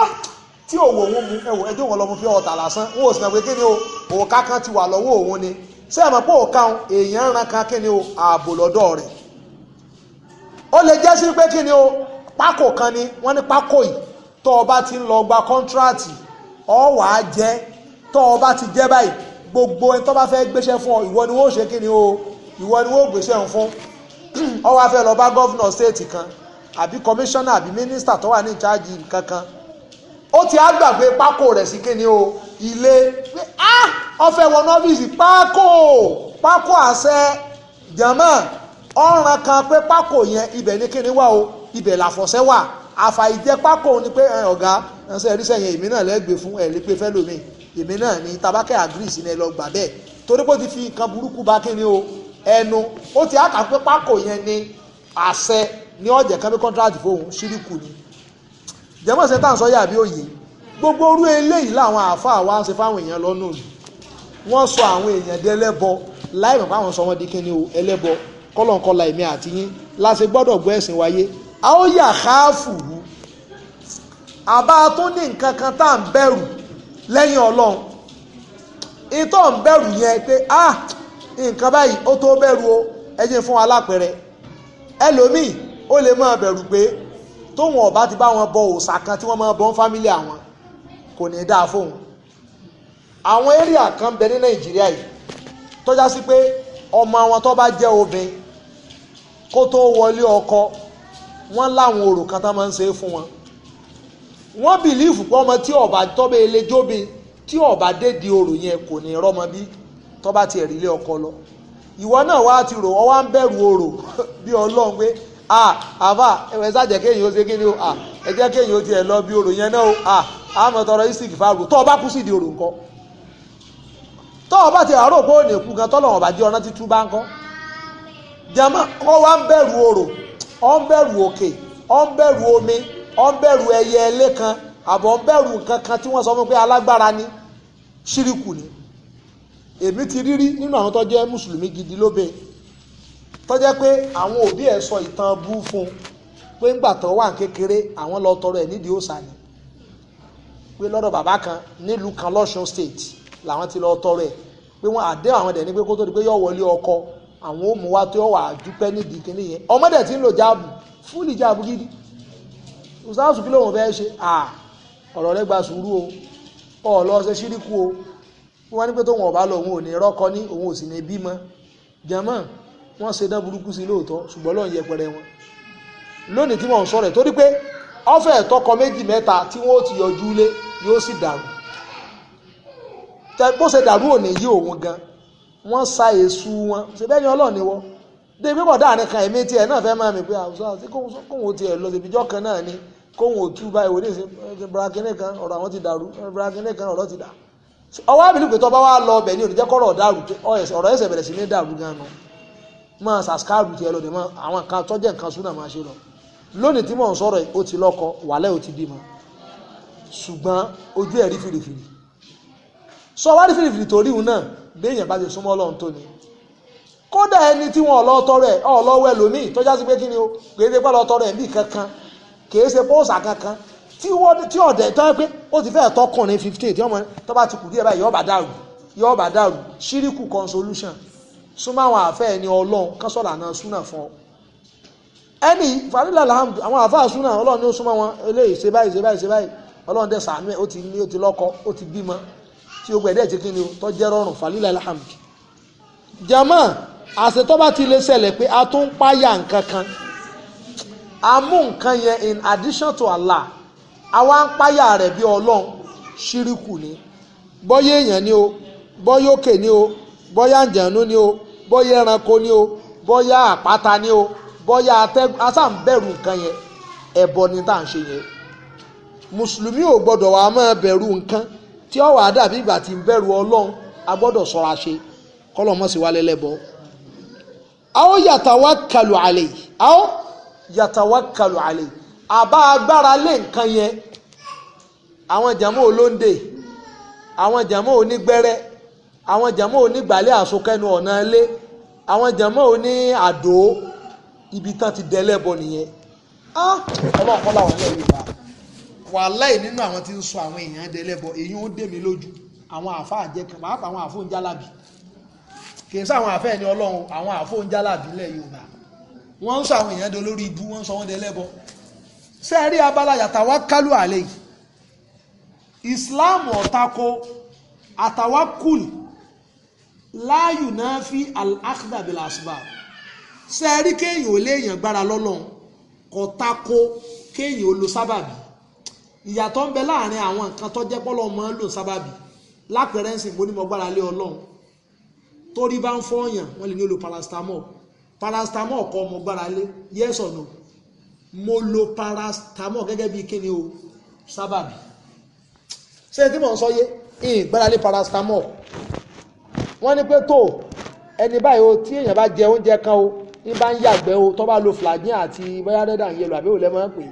tí òwò òun mu ẹ̀wọ̀ ẹjọ́ wọn lọ mu fi ọ̀tà lásán wọn ò sì mọ̀ pé kí ni o òun kákan ti wà lọ́wọ́ òun ni ṣé àmọ́ pé òka èèyàn ran kan kí ni o ààbò lọ́dọ̀ rẹ̀ ó lè jẹ́ sí pé kí ni o pákó kan ni wọ́n ní pákó yìí tó o bá ti ń lọ gba kọ́ńtíráàtì ọ wàá jẹ́ tó o bá ti jẹ́ báyìí gbogbo ẹni tó bá fẹ́ gbéṣẹ́ fún ọ ìwọ ni wọ́n ṣe kí ni o ìwọ ni wọ́n ò gbéṣẹ́ ń fún *clears throat* ọ wàá fẹ́ lọ bá gọ́vnọ̀ stéètì kan àbí kọmíṣánná àbí mínísítà tó wà ní ìcháàjì kankan ó ti á gbàgbé pákó rẹ̀ sí kíni o ilé pé á ah, ọfẹ wọnú ọ́fíìsì pákó pákó àṣẹ jàmá ọ̀ràn kan pé pákó yẹn ibẹ̀ ní kíni wà o ibẹ̀ làfọ̀ṣẹ wà àfàìjẹ pákó ni pé ẹ ọ̀gá ẹnsẹ ẹrísẹ yẹn èmi náà lẹ́gbẹ̀ẹ́ fún ẹ̀ lè pe fẹ́ lómi èmi náà ní tabakẹ́ àgírísì ni ẹ lọ gbà bẹ́ẹ̀ torí pé ó ti fi nǹkan burúkú bá kíni o ẹnu ó ti á kà pé pákó yẹn ni àṣẹ ní ọ̀jẹ̀ kan bí kọ́ńtíráàtì fóun ṣíríkù ni jẹ́mọ̀ ṣe tàn sọ́yà bí òye gbogbo orú eléyìí làwọn àáfàá wa ń ṣe fáwọn èèyàn lọ́nà wọ́n sọ àwọn èèyàn di ẹlẹ́bọ láì mọ̀ fáwọn sọ wọn di kíni o ẹlẹ́bọ kọ́lọ̀ǹkọ́lá èmi àti yín láti gbọ́dọ̀ gbọ́ ẹ̀sìn wáyé a ó yà káàfù wù àbá tó ní nǹkan kan tá à ń bẹ̀rù lẹ́yìn ọlọ́run ìtọ́ ń bẹ̀rù yẹn pé ah nǹkan báyìí ó tó bẹ̀rù o ẹ jẹ́ fún alápẹ̀rẹ̀ ẹlòmíì ó lè máa bẹ̀rù pé tóun ọba ti bá wọn bọ òòṣà kan tí wọ́n máa bọ ń fámílì àwọn kò ní dáa fóun àwọn area kan bẹ ní nàìjíríà yìí tọ́já sí pé ọmọ wọn tó bá jẹ́ obìnrin kó tó wọlé ọkọ wọ́n láwọn orò kan tá máa ń ṣe fún wọn wọ́n bìlífù pé ọmọ tí ọba tọ́bẹ̀ eléjóbi tí ọba dédi orò yẹn kò ní rọ́mọ bí tọ́ba ti ẹ̀rí lé ọkọ lọ ìwọ náà wá ti rò ọ wá ń bẹ̀rù orò *laughs* bí ọlọ́run pé à àfà ẹ sàjẹ́ kéèyàn ó ṣe kí ni o à ẹ jẹ́ kéèyàn ó tiẹ̀ lọ bí orò yẹn náà o à àmọ́ tọrọ isik fáàrù tọ́ ọ bá kú sí ìdí orò nǹkan tọ́ ọ bá ti àárò pé òní èkú gan tọ́lọ̀ ọ̀bà jẹ́ ọ̀nà títú bá ń kọ́ jama ọ wá ń bẹ̀rù orò ọ ń bẹ̀rù òkè ọ ń bẹ̀rù omi ọ ń bẹ̀rù ẹyẹ ẹlé kan àbọ̀ ń bẹ̀rù nǹkan kan tí wọ́n sọ fún pé alágbára ni ṣíríkù ni èmi ti rírí nínú àwọn tó jẹ́ mùsùlùmí gidi lóbẹ̀ tó jẹ́ pé àwọn òbí ẹ̀ sọ ìtàn bú fún un pé ńgbà tó wà kékeré àwọn lọ tọrọ ẹ̀ nídìí òòsà ni pé lọ́dọ̀ bàbá kan nílùú kan lọ́sùn state làwọn ti lọ tọrọ ẹ̀ pé wọ́n àdé àwọn dẹ̀ ní pé kó tó di pé yọ̀ wọlé ọkọ àwọn ó mú wa tó wà dúpẹ́ nídìí kíní yẹn ọmọdé tí ń lò jáàbù fúlì jáàbù gidi ọ̀sáàsù kí lóun fẹ́ ṣe à ọ̀rọ̀ rẹ gba sùúrù o ọ̀lọ́ ṣe ṣíríkù o wọ́n ní pé tóun ọ̀bá lọ òun ò ní rọ́kọ ní òun ò sì ní bímọ jẹ́mọ́ wọ́n ṣe dán burúkú sí lóòótọ́ ṣùgbọ́n lọ́n yẹpẹrẹ wọn lónìí tí wọ́n ń sọ̀rọ̀ torí pé ọ̀fẹ́ tọkọ méjì mẹ́ta tí wọ́n ó ti yọjú lé yóò sì dàrú bó ṣe dàrú òní yí òun gan wọ́n sa èṣù wọn ṣe bẹ́ẹ̀ ni ọlọ́ọ̀ni wọ́n dé ibi pọ̀ dáàrin kan èmi tiẹ̀ náà fẹ́ máa mi pé àwùjọ àti kóhùn tiẹ̀ lọ síbi ìjọ́ kan náà ni kóhùn òkú báyìí wò ní ìsìn brakine kan ọ̀rọ̀ àwọn ti dàrú brakine kan ọ̀rọ̀ ti dà ọwọ́ àbílù pé tó bá wà lọ ọbẹ̀ ní òní jẹ́ kọ́rọ̀ dàrú ọ̀rọ̀ ẹ̀sẹ̀ bẹ̀rẹ̀ sí ní dàrú gan-an máa sàskáàrù tiẹ̀ lọ nìmọ àwọn nǹkan tọjẹ nǹkan súnà máa ṣe lọ lónìí tí mò ń sọ̀rọ̀ yìí ó ti lọ́kọ wàhálà ó ti bímọ ṣùgbọ́n ojú ẹ̀ rí fìrìfìrì sọ wá rí fìrìfìrì torí òun náà béèyàn bá ti súnmọ́ Ọlọ́run tó ni kódà ẹni tí wọn ọlọ tọrọ ẹ ọlọwẹ lómìn tọjá sí pé kí ni o kèé ṣe pẹlú ọtọrọ ẹ bí kankan kèé ṣe pọ́ọ̀sà kankan tí wọ́n tí ọ̀dẹ̀ tọ́ pé ó ti fẹ́ẹ̀ tọkùnrin fifteen tí ọmọ tó bá ti kù díẹ̀ báyìí yọ́ọ̀bà dàrú yọ́ọ̀bà dàrú ṣíríkù consolation súnmọ́ àwọn àfẹ́ ẹni ọlọ́run kásọ̀lá náà súnà fún ọ ẹni fàlílà làhàmdù àwọn àfáà súnà ọlọ́run ní ó súnmọ́ wọn eléyìí ṣe báyìí ṣe báyìí ṣe báyìí ọlọ́run dẹ̀ sàánú ẹ̀ ó ti ní ó ti lọ́kọ ó ti bímọ tí ó gbẹ̀dẹ̀ ti kíni tó jẹ́ rọrùn fàlílà làhàmdù. jama àṣetọ́ba ti lè ṣẹlẹ̀ pé a tún páyà nǹkan kan a mú nǹkan yẹn in addition to Allah àwa ń páyà rẹ̀ bí ọlọ́run ṣíríkù ni bọ́yé èèyàn ni o bọ́yé òkè ni o bóyá àǹjẹ̀nú ni o bóyá ẹranko ni o bóyá àpáta ni o bóyá atẹ́gùn asáǹbẹ̀rù nǹkan yẹn ẹ̀bọ ni tá à ń ṣe yẹn mùsùlùmí ò gbọ́dọ̀ wàá máa bẹ̀rù nǹkan tí ó wàá dàbí ìgbà tí ń bẹ̀rù ọlọ́run a gbọ́dọ̀ ṣọ́ra ṣe kọ́lọ́mọ́ sì wálé lẹ́bọ. àwọn yàtàwá kalù àlè àwọn yàtàwá kalù àlè àbá agbára lé nǹkan yẹn àwọn jàmọ́ olóńdè àwọn jàmọ́ onígbẹ́rẹ́ àwọn jàmọ́ onígbàlẹ̀ àsokẹ́nu ọ̀nà ilé àwọn jàmọ́ oní àdó ibi tán ti dẹ́lẹ́bọ nìyẹn ọlọ́ọ̀kọ́ làwọn ilé yorùbá wàláì nínú àwọn tí ń sọ àwọn èèyàn dẹ́lẹ́bọ èyí ó dé mi lójú àwọn àfa àjẹkẹ pàápàá àwọn àfo ńjálàbí kì í sọ àwọn àfẹ́ ẹni ọlọ́run àwọn àfo ńjálàbí ilẹ̀ yorùbá wọ́n ń sọ àwọn èèyàn dolórí ibú wọ́n ń sọ wọ́n dẹ́lẹ́bọ sẹ́ẹ̀rí abala yàtà kálù àlẹ́ yìí islam ọ̀tako àtàwákùlù láàyù náà fi al-akhdha bil-asbab ṣe rí kéèyàn ò léèyàn gbára lọ́lọ́run kò tako kéèyàn ò lo sábàbí ìyàtọ̀ ń bẹ láàrin àwọn nǹkan tó jẹ́ pọ́lọ́ máa ń lò sábàbí lápẹ̀rẹ́ ń sìn mo gbára lé ọlọ́run torí bá ń fọyàn wọ́n lè ní olò paracetamol paracetamol kọ́ mo gbára lé yes or no mo lo paracetamol gẹ́gẹ́ bí kíni o sábàbí ṣé tí mò ń sọ yé ìgbára lé paracetamol wọ́n ní pé tó ẹni báyìí o tí èèyàn bá jẹ oúnjẹ kan o ní bá ń yàgbẹ́ o tó bá lo flagyl àti bóyá rẹ́dà ń yẹlò àbí òun lẹ́mọ̀ pé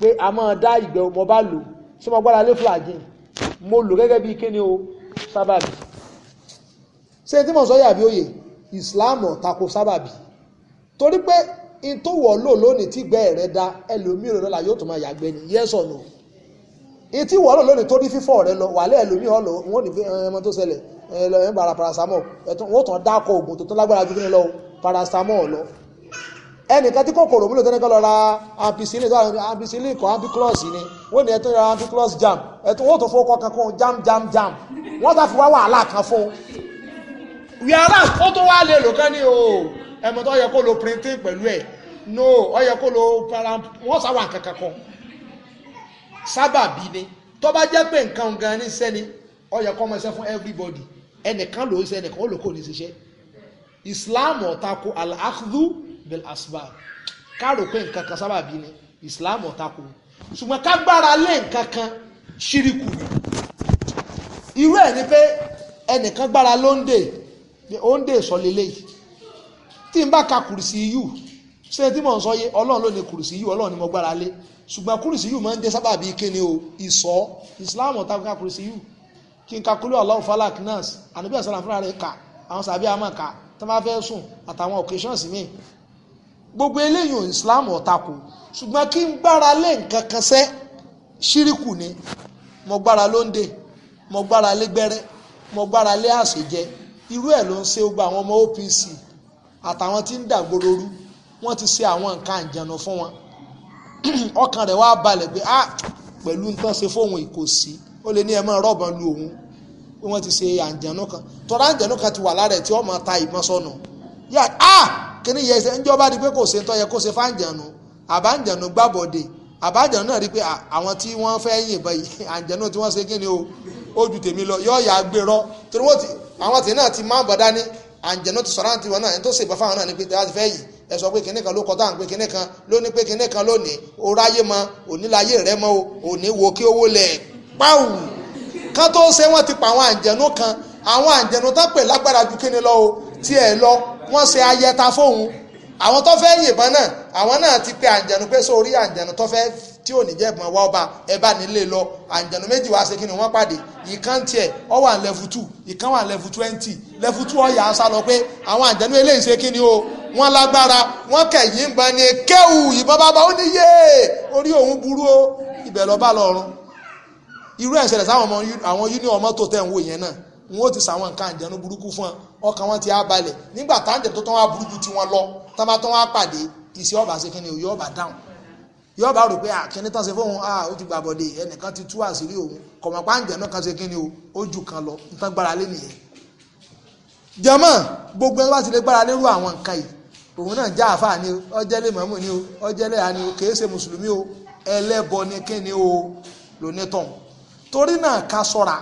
pé a máa dá ìgbẹ́ o mo bá lò ṣé mo gbára lé flagyl mo lò gẹ́gẹ́ bí kíni o sábàbí ṣé tí mo sọ yàbí òye Islam ò tako sábàbí torí pé in tó wọ̀ lò lónìí tí gbẹ́ rẹ̀ da ẹlòmíràn lọ́la yóò tún máa yàgbẹ́ ni yes or no in tí wọ̀ lò lónìí tó ní fífọ́ rẹ lọ wàhálà ẹlòmíràn lọ wọn ní ẹmọ ẹ bara paracetamol wọ́n tàn dákọ̀ oògùn tó tán lágbára ju kí ni lọ paracetamol lọ ẹnìkan tí kòkòrò múlò tẹ́lẹ̀ lọ ra ampicillin tó ampicillin kọ ampiclox ni wọ́n ní ẹ̀tún ra ampiclox jam ẹ̀tún wọ́n tó fọ́ ọkọ̀ kan jam jam jam wọ́n sá fi wàhálà kan fún un. yàrá ó tó wá lè lò kán ní o ẹ̀mọ́ tó yẹ kó lo printing pẹ̀lú ẹ̀ no ó yẹ kó lo para wọ́n sá kankan kan sábàbí ni tó bá jẹ́ pé nǹkan gan ní sẹ́ni ó yẹ kó mọ iṣẹ́ fún everybody ẹnìkan ló ń ṣe ẹnìkan ó lò kò ní ṣiṣẹ́ islam ọ̀tako al-akhdhu bil asba. káàrò pé nǹkan kan sábàbí ni islam ọ̀tako ṣùgbọ́n ká gbára lé nǹkan kan ṣíríkù irú ẹ̀ ni pé ẹnìkan gbára lóńdè òǹdè sọlélẹ̀ yìí tí n bá ka kùrìsì yù ṣé tí mò ń sọ yé ọlọ́run ló ní kùrìsì yù ọlọ́run ni mo gbára lé ṣùgbọ́n kùrìsì yù máa ń jẹ́ sábàbí kíni o ìsọ islam ọ̀tako ká kùrìsì yù kí n ka kúlú Allahu falak nas ànábì àsàlà fúnra rẹ̀ kà àwọn sàbí àmọ́ kà tó máa fẹ́ sùn àtàwọn occasions mi gbogbo eléyìí Islam ọ̀tako ṣùgbọ́n kí n gbára lé nǹkan kan sẹ́ ṣíríkù ni mo gbára lóńdè mo gbára lé gbẹ́rẹ́ mo gbára lé àṣejẹ irú ẹ̀ ló ń ṣe gba àwọn ọmọ OPC àtàwọn tí ń dàgbòrò wọ́n ti ṣe àwọn nǹkan àjànà fún wọn *clears throat* ọkàn rẹ̀ wá balẹ̀ pé ah pẹ̀lú nǹkan ṣe fóun ìkòsí ó lè ní ẹ máa rọ̀bọ̀n lu òun pé wọ́n ti ṣe àǹjẹ̀nú kan tọ́ra àǹjẹ̀nú kan ti wà lára ẹ̀ tí ó máa ta ìbọn sọnù yá a kíní yẹ ẹsẹ̀ ńjọba di pé kò ṣe tọ́ yẹ kó ṣe fáǹjẹ̀nú àbáǹjẹ̀nú gbàbọ̀dé àbáǹjẹ̀nú náà rí pé àwọn tí wọ́n fẹ́ yìnbọn *laughs* àǹjẹ̀nú tí wọ́n ṣe kíni o ó ju tèmi lọ yọ ọ̀yà gbérọ torí wọ́n ti àwọn tèmi náà ti máa bọ̀ dání àǹjẹ̀nú ti sọ̀rọ̀ àǹtí wọn náà ẹni tó ṣèbọn fáwọn náà ni pé tí a ti fẹ́ yìí ẹ sọ pé kinní kan ló kọtà ń pé kinní kan lónìí pé kinní kan lónìí oráyé mọ oníláyé rẹ mọ òní wo kí owó lẹ̀ páwù kán tó ṣe wọ́n ti pa àwọn àǹjẹ̀nú kan àwọn àǹjẹ̀nú tán pè lágbára ju kíni lọ o tiẹ̀ lọ wọ́n ṣe ayẹta fóun àwọn tó fẹ́ yìnbọn náà àwọn náà ti pe àǹjẹ̀nú pé sórí àǹjẹ̀nú tó fẹ́ tí ò ní jẹ́ ìbọn wá ọba ẹ bá nílé lọ àǹjẹ̀nú méjì wá ṣe kí ni wọ́n pàdé ìkan tiẹ̀ ọ wà level two ìkan wà level twenty level two ọ̀yà aṣá lọ pé àwọn àǹjẹ̀nú eléyìí ṣe kí ni o wọ́n lágbára wọ́n kẹ̀yìn ìbọn ni kéwù ìbọn bàbá ó ní yéé orí òun burú o ibẹ̀ lọ bá lọ́rùn irú ẹ̀ ṣẹlẹ̀ sáwọn ọmọ àwọn union mọ́tò tẹ̀ ń wò yẹn náà wọn ó ti sàwọn nǹkan àjẹnú burúkú fún ọ ọkàn wọn ti á balẹ̀ nígbà táǹjẹ̀ tó tán wá burúkú tí wọ́n lọ tán bá tán wá pàdé ìṣe ọba ṣe kí ni òye ọba dáhùn yọba rò pé àkíní tán ṣe fóun a ó ti gbàbọ̀dé ẹnìkan ti tú àṣírí òun kọ̀mọ̀pá ń jẹ̀nà kan ṣe kí ni o ó jù kan lọ ń tán gbára lé nìyẹn. jẹ́mọ̀ gbogbo ẹni wá ti lè gbára lérú àwọn nǹkan yìí òun náà já àáfàá ni ọjẹ́ lè mọ̀mọ́ ni o ọjẹ́ lè àní o kèé ṣe mùsùlùmí o ẹlẹ́bọ ni kí ni o lónítọ̀hún torí náà ká sọ́ra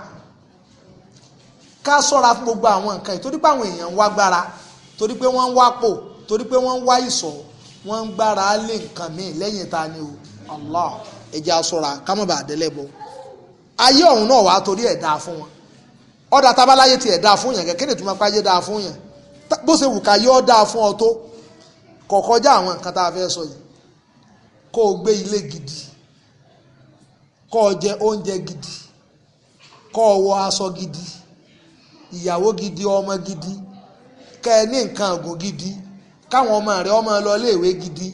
ká sọ́ra fún gbogbo àwọn nǹkan yìí torí pé àwọn èèyàn ń wá gbára torí pé wọ́n ń wápò torí pé wọ́n ń wá ìsọ̀ wọ́n ń gbára lé nǹkan míì lẹ́yìn ta ni o Allah ẹja sọ́ra ká má bàa délẹ̀ bọ́ ayé ọ̀hún náà wàá torí ẹ̀ dáa fún wọn ọ̀dà tabaláyé ti ẹ̀ dáa fún yàn kẹ́kẹ́ nìtúmọ̀ pé ayé dáa fún yàn bó ṣe wù ká yọ dáa fún ọ tó kọ̀kọ́já àwọn nǹkan tá a fẹ́ sọ yìí kó o gbé ilé gidi kọ́ jẹ oúnjẹ gidi kọ́ wọ aṣọ gidi ìyàwó gidi ọmọ gidi kẹ́ ẹ ní nǹkan ọ̀gùn gidi káwọn ọmọ rẹ ọmọ lọ iléèwé gidi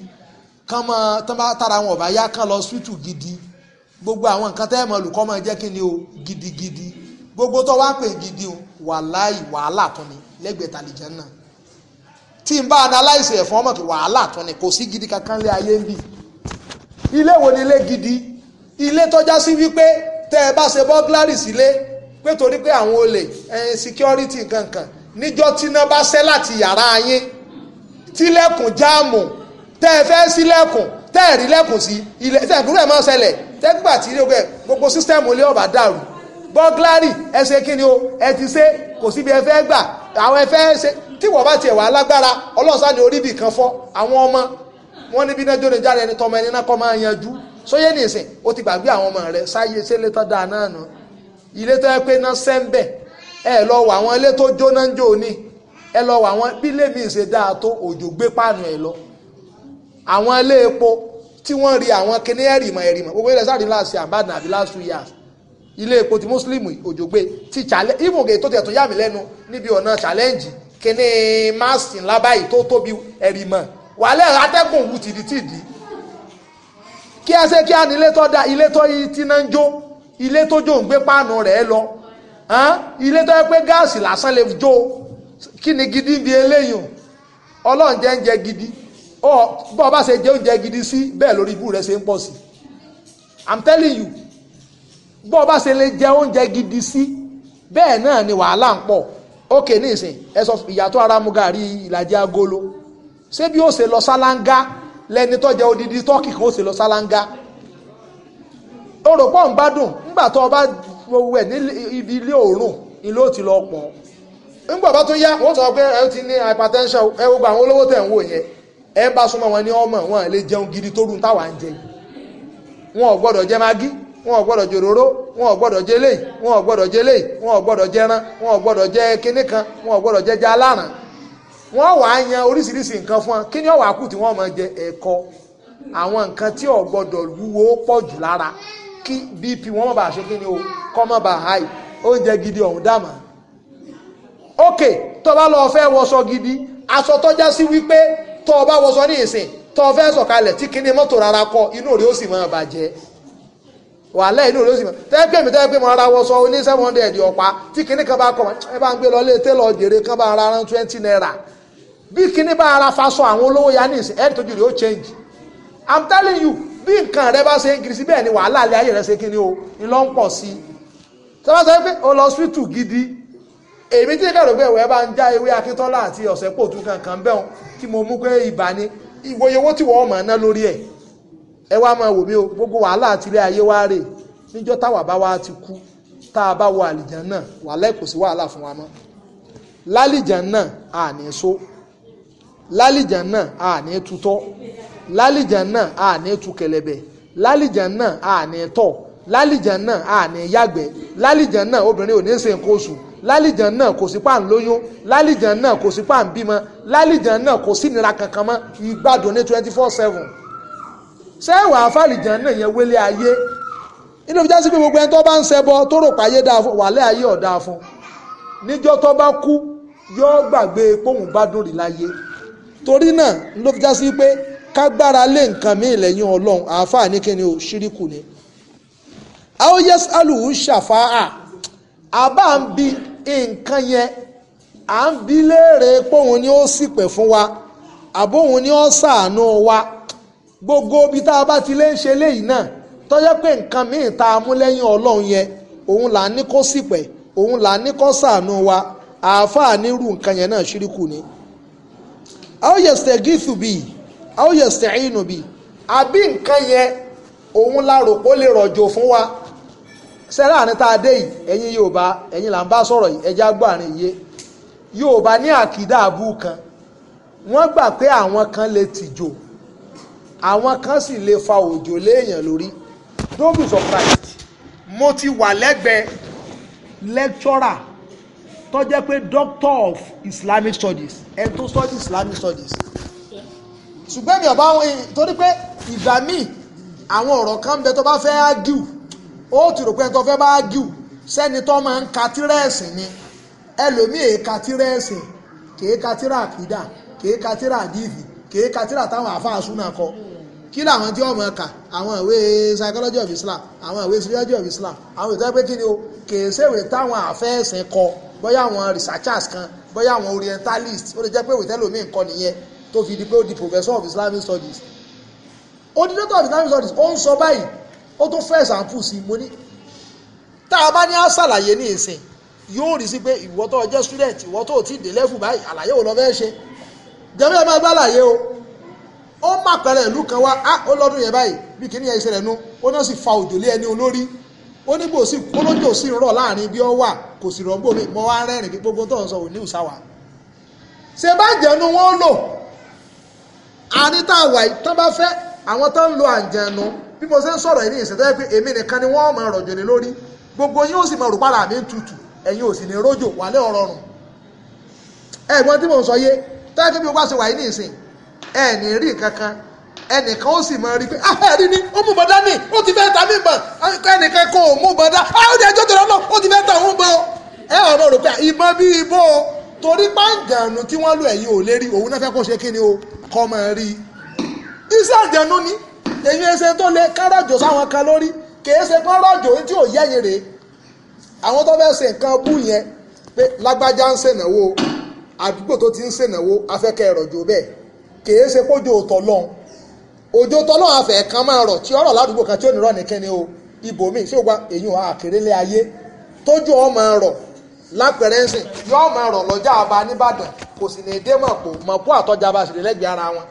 kán mọ tán bá tara wọn ọ̀bá yá kán lọ sútù gidi gbogbo àwọn nǹkan tẹ́ ẹ̀ mọ̀ lùkọ́ máa jẹ́ kí ni o gidigidi gbogbo tó wá pè gidi o wàláì wàhálà tún ni lẹ́gbẹ̀ẹ́ tàlìjẹ́ náà tí n bá analyze ẹ̀fọn ọmọ kí wàhálà tún ni kò sí gidi kankan lé ayé ń bì ilé wo ni ilé gidi ilé tọ́já sí wípé tẹ́ ẹ bá ṣe bọ́gláàrì sílé pé torí pé àwọn olè security kankan níjọ́ tíná bá ṣẹ́ láti yàrá yín tílẹ̀kùn jáàmù tẹ́ ẹ fẹ́ sílẹ̀kùn tẹ́ ẹ rí lẹ́kùn sí ilé tẹ́ ẹ̀kúrú ẹ̀ máa ṣẹlẹ̀ tẹ́gbà tí gbogbo sísítẹ́ẹ̀mù ilé ọ̀bà dàrú bọ́gláàrì ẹ ṣe kí ni o ẹ ti ṣe kò síbi ẹ fẹ́ gbà àwọn ẹ fẹ́ ṣe tí wọ́n bá tiẹ̀ wà lágbára ọlọ́sàn ni orí bì kan fọ́ àwọn ọmọ wọn níbi náà jóni jáde ẹni tọmọ ẹni náà kọ́ máa yanjú sóyè nìsín o ti gbàgbé àwọn ọmọ rẹ sáyé sílé tó dáa náà nù ilé tó yẹ pé náà sẹ́ńbẹ̀ ẹ lọ wọ àwọn ilé tó jóná ń jò ní ẹ lọ wọ àwọn bí ilé mi ṣe dáa tó òjò gbé páànù ẹ lọ àwọn ilé epo tí wọ́n rí àwọn kíní ẹ̀rìmọ̀ ẹ̀rìmọ̀ gbogbo ilẹ̀ sáré láàṣì àbádàn àbí last two years ilé epo ti muslim òjògbé ti challenge ìmùgè tó tẹ̀tún yà mí lẹ́nu níbi ọ̀nà challenge kíní máàsì ńlá báyìí tó tóbi ẹ̀rìmọ̀ wàhálẹ̀ atẹ́gùn wù tìdítìdí kí ẹ ṣe kí á ní ilé tó da ilé tó yí tí náà ń jó ilé tó jó ń gbé páànù rẹ̀ lọ ilé tó yẹ pé gáàsì lásán lè jó kí ni gidi ń bi eléyìí ọlọ́run jẹ́ ń jẹ gidi bọ́ọ̀ bá ṣe jẹ oúnjẹ gidi sí bẹ́ẹ̀ lórí ibú rẹ̀ ṣe ń pọ̀ sí i'm telling you bọ́ọ̀ bá ṣe lè jẹ oúnjẹ gidi sí bẹ́ẹ̀ náà ni wàhálà ń pọ̀ ókè ní ìsìn ẹ sọ ìyàtọ̀ ara ìlàjì agolo ṣé bí ó ṣe lọ sálángá lẹni tó jẹ odidi tọ́kì kó lọ sálángá ó rò pọ̀ ń bá dùn nígbà tó o wẹ̀ ní ibi ilé òórùn ilé ò ti lọ pọ̀ nígbà bá tún sọ pé ẹ ti ní hypertension ẹ gbogbo àwọn olówó tẹ̀ ń wò yẹn ẹ bá súnmọ́ wọn gidi tó dùn táwa ń jẹ wọn ò jẹ wọn ò jẹ òróró wọn ò jẹ wọn ò jẹ kan wọn ò jẹ wọ́n wàá yan oríṣiríṣi nǹkan fún wọn kí ni ọ̀wà kù tí wọ́n máa jẹ ẹ̀kọ àwọn nǹkan tí ò gbọ́dọ̀ wúwo pọ̀ jù lára kí bp wọ́n má ṣe kí ni o kọ́ má bàa háì oúnjẹ gidi ọ̀hún dàmà. ok tó bá lọ fẹ́ wọṣọ gidi aṣọ tọ́já sí wípé tó o bá wọṣọ ní ìsìn tó o fẹ́ sọ̀kalẹ̀ tí kinní mọ́tò rárá kọ inú rẹ̀ ó sì máa bàjẹ́ wàhálà inú rẹ̀ ó sì máa tẹ́ pé mi tẹ́ pé mo rárá wọṣọ oní seven hundred ọ̀pá tí kinní naira bí kíní bá ara fa sọ àwọn olówó ya ní ìsìn ẹ̀ẹ́dì tójú rẹ̀ ó change i'm telling you bí nǹkan rẹ bá ṣe ń kiri sí bẹ́ẹ̀ ni wàhálà alẹ́ ayé rẹ ṣe kíní o ni ló ń pọ̀ sí i tí wọ́n sọ pé o lọ hospital gidi èmi tí kẹrò pé ìwẹ́ bá ń já ewé akíntọ́lá àti ọ̀sẹ̀ pò tún kankan bẹ́ẹ̀ tí mo mú pé ibà ni ìwòye owó tí wọ́n mọ̀ ná lórí ẹ̀ ẹ wá máa wò mí o gbogbo wàhálà àti ilé ayé wá rè níjọ́ táwa bá wá ti kú tá a bá wọ àlìjàn náà wàhálà kò sí wàhálà fún wa mọ́ lálìjàn náà àní so lálìjàn náà a ní tutọ́ lálìjàn náà a ní tu kẹlẹ̀bẹ̀ lálìjàn náà a ní tọ̀ lálìjàn náà a ní yàgbẹ́ lálìjàn náà obìnrin ò ní ṣe nǹkan oṣù lálìjàn náà kò sí pàǹ lóyún lálìjàn náà kò sí pàǹ bímọ lálìjàn náà kò sí nira kankan mọ́ ìgbádùn ní twenty four seven sẹ́wà àfàlìjàn náà yẹn wélé ayé inú fi já sí pé gbogbo ẹni tó bá ń ṣẹbọ tó rò páyé dáa fún wàlẹ́ ayé ọ̀dà fún níjọ́ tó bá kú yóò gbàgbé póhùn bá dùn rí láyé torí náà ló fi já sí pé kágbára lé nǹkan míì lẹ́yìn ọlọ́run àáfàá ní kíni o ṣíríkù ni. àwọn yẹs aluhu ṣàfáà àbá ń bi nǹkan yẹn à ń bi léèrè póun ni ó sì pẹ̀ fún wa àbóun ni ó ṣàánú wa gbogbo ibi tá a bá ti lè ṣe léyìí náà tó pé nǹkan míì tá a mú lẹ́yìn ọlọ́run yẹn òun là ní kó sì pẹ̀ òun là ní kó ṣàánú wa àáfàá nírú nǹkan yẹn náà ṣíríkù ni àwọn yẹ̀sẹ̀ gíìsù bíi àwọn yẹ̀sẹ̀ ìnù bíi àbí nǹkan yẹn òun la rò pé ó lè rọ̀jò fún wa sẹ́rà ní tá a dé yìí ẹ̀yin Yorùbá ẹ̀yin là ń bá sọ̀rọ̀ yìí ẹja gbọ́ àárín yé Yorùbá ní àkìdá àbú kan wọ́n gbà pé àwọn kan lè tìjò àwọn kan sì lè fa òjò léèyàn lórí don't be surprised mo ti wà lẹ́gbẹ̀ẹ́ lecturer tó jẹ́ pé doctor of islamic studies ẹni tó study islamic studies ṣùgbọ́n mi ò bá wọn torí pé ìgbà míì àwọn ọ̀rọ̀ kan bẹ tó bá fẹ́ ágìw ó ti rò pé ẹni tó fẹ́ bá ágìw sẹ́ni tó máa ń ka tírẹ́ẹ̀sì ni ẹlòmíì èka tírẹ́ẹ̀sì kèé ka tírà àkídà kèé ka tírà àdìfì kèé ka tírà táwọn àáfàá súnà kọ kí làwọn tí ọmọ kà àwọn ìwé psychology of Islam àwọn ìwé sociology of Islam àwọn ìtọ́ pé kí ni o kìí ṣèwé táwọn àfẹ́ẹ̀sìn kọ bóyá àwọn researchers kan bóyá àwọn orientalist ó lè jẹ́ pé ìwé tẹ́lómi nǹkan nìyẹn tó fi di pé ó di professor of Islamic studies ó di doctor of Islamic studies ó ń sọ báyìí ó tún fẹ́ ṣàǹpù sí mo ní tá a bá ní á ṣàlàyé ní ìsìn yóò rí sí pé ìwọ tó jẹ́ student ìwọ tó ti dé level báyìí àlàyé wo lọ fẹ́ ṣe jẹ́mi ẹ̀ máa gbá àlàyé o ó mà pẹ̀rẹ̀ ìlú kan wá á ó lọ́dún yẹn báyìí bí kìíní yẹn ìṣẹ̀lẹ̀ nu ó náà sì fa òjò lé ẹni olórí ó ní bò sí kólójò sì rọ̀ láàrin bí ó wà kò sì rọ̀ bòmí mọ́ wá rẹ́rìn pé gbogbo tó ń sọ òní ìsáwà ṣe bá jẹ̀nu wọn lò àní tá a wà yìí tán bá fẹ́ àwọn tó ń lo àǹjẹ̀nu bí mo ṣe ń sọ̀rọ̀ ìní ìṣẹ̀tẹ́ pé èmi nìkan ni wọ́n máa rọ̀jò ní lórí gbogbo yín ó sì máa rò pàrà mi ń tutù ẹ̀yin ò sì ní rójò wà lẹ́ ọ̀rọ̀rùn ẹ̀gbọ́n tí mò ń sọ yé tẹ́lẹ̀ kí bí mo bá ṣe wà yìí ní ìsìn ẹ ní rí kankan ẹnìkan ó sì máa rí pé ah ẹ̀rí ni ó mú bọ́dá ní ó ti fẹ́ ta mí bọ̀n ẹnìkan kò mú bọ́dá ah ó di ẹjọ́ tó lọ́nà ó ti fẹ́ ta òun bọ̀ ẹ ọ̀rọ̀ rò pé ah, ìbọn bí ibò torí pàǹgànù tí wọ́n lò ẹ̀yìn ò lè rí òun náà fẹ́ kó ṣe kí ni o kọ́ máa rí iṣẹ́ àjẹnú ni èyí ẹsẹ̀ tó lè káràjò sáwọn kan lórí kìí ṣe pé rọ̀jò tí ò yẹ́yìn rèé àwọn tó fẹ́ ṣe nǹkan bú yẹn pé lágbájá ń ṣènáwó àdúgbò tó ti ń ṣènáwó afẹ́kẹ́ rọ̀jò bẹ́ẹ̀ kèé ṣe pójò tọlọ́n òjò tọlọ́n àfẹ́ kan máa rọ̀ tí ọ̀rọ̀ ládùúgbò kan tí ó nírọ̀ nìkan ni o ibòmí ṣé o gba èyí wọn àkèrélé ayé tójú ọ máa rọ̀ lápẹrẹnsìn yóò máa rọ̀ lọ́jà àbá nìbàdàn kò sì ní dé mọ̀pò mọ̀pò àtọ́jà bá ṣèlè lẹ́gbẹ̀ẹ́ ara wọn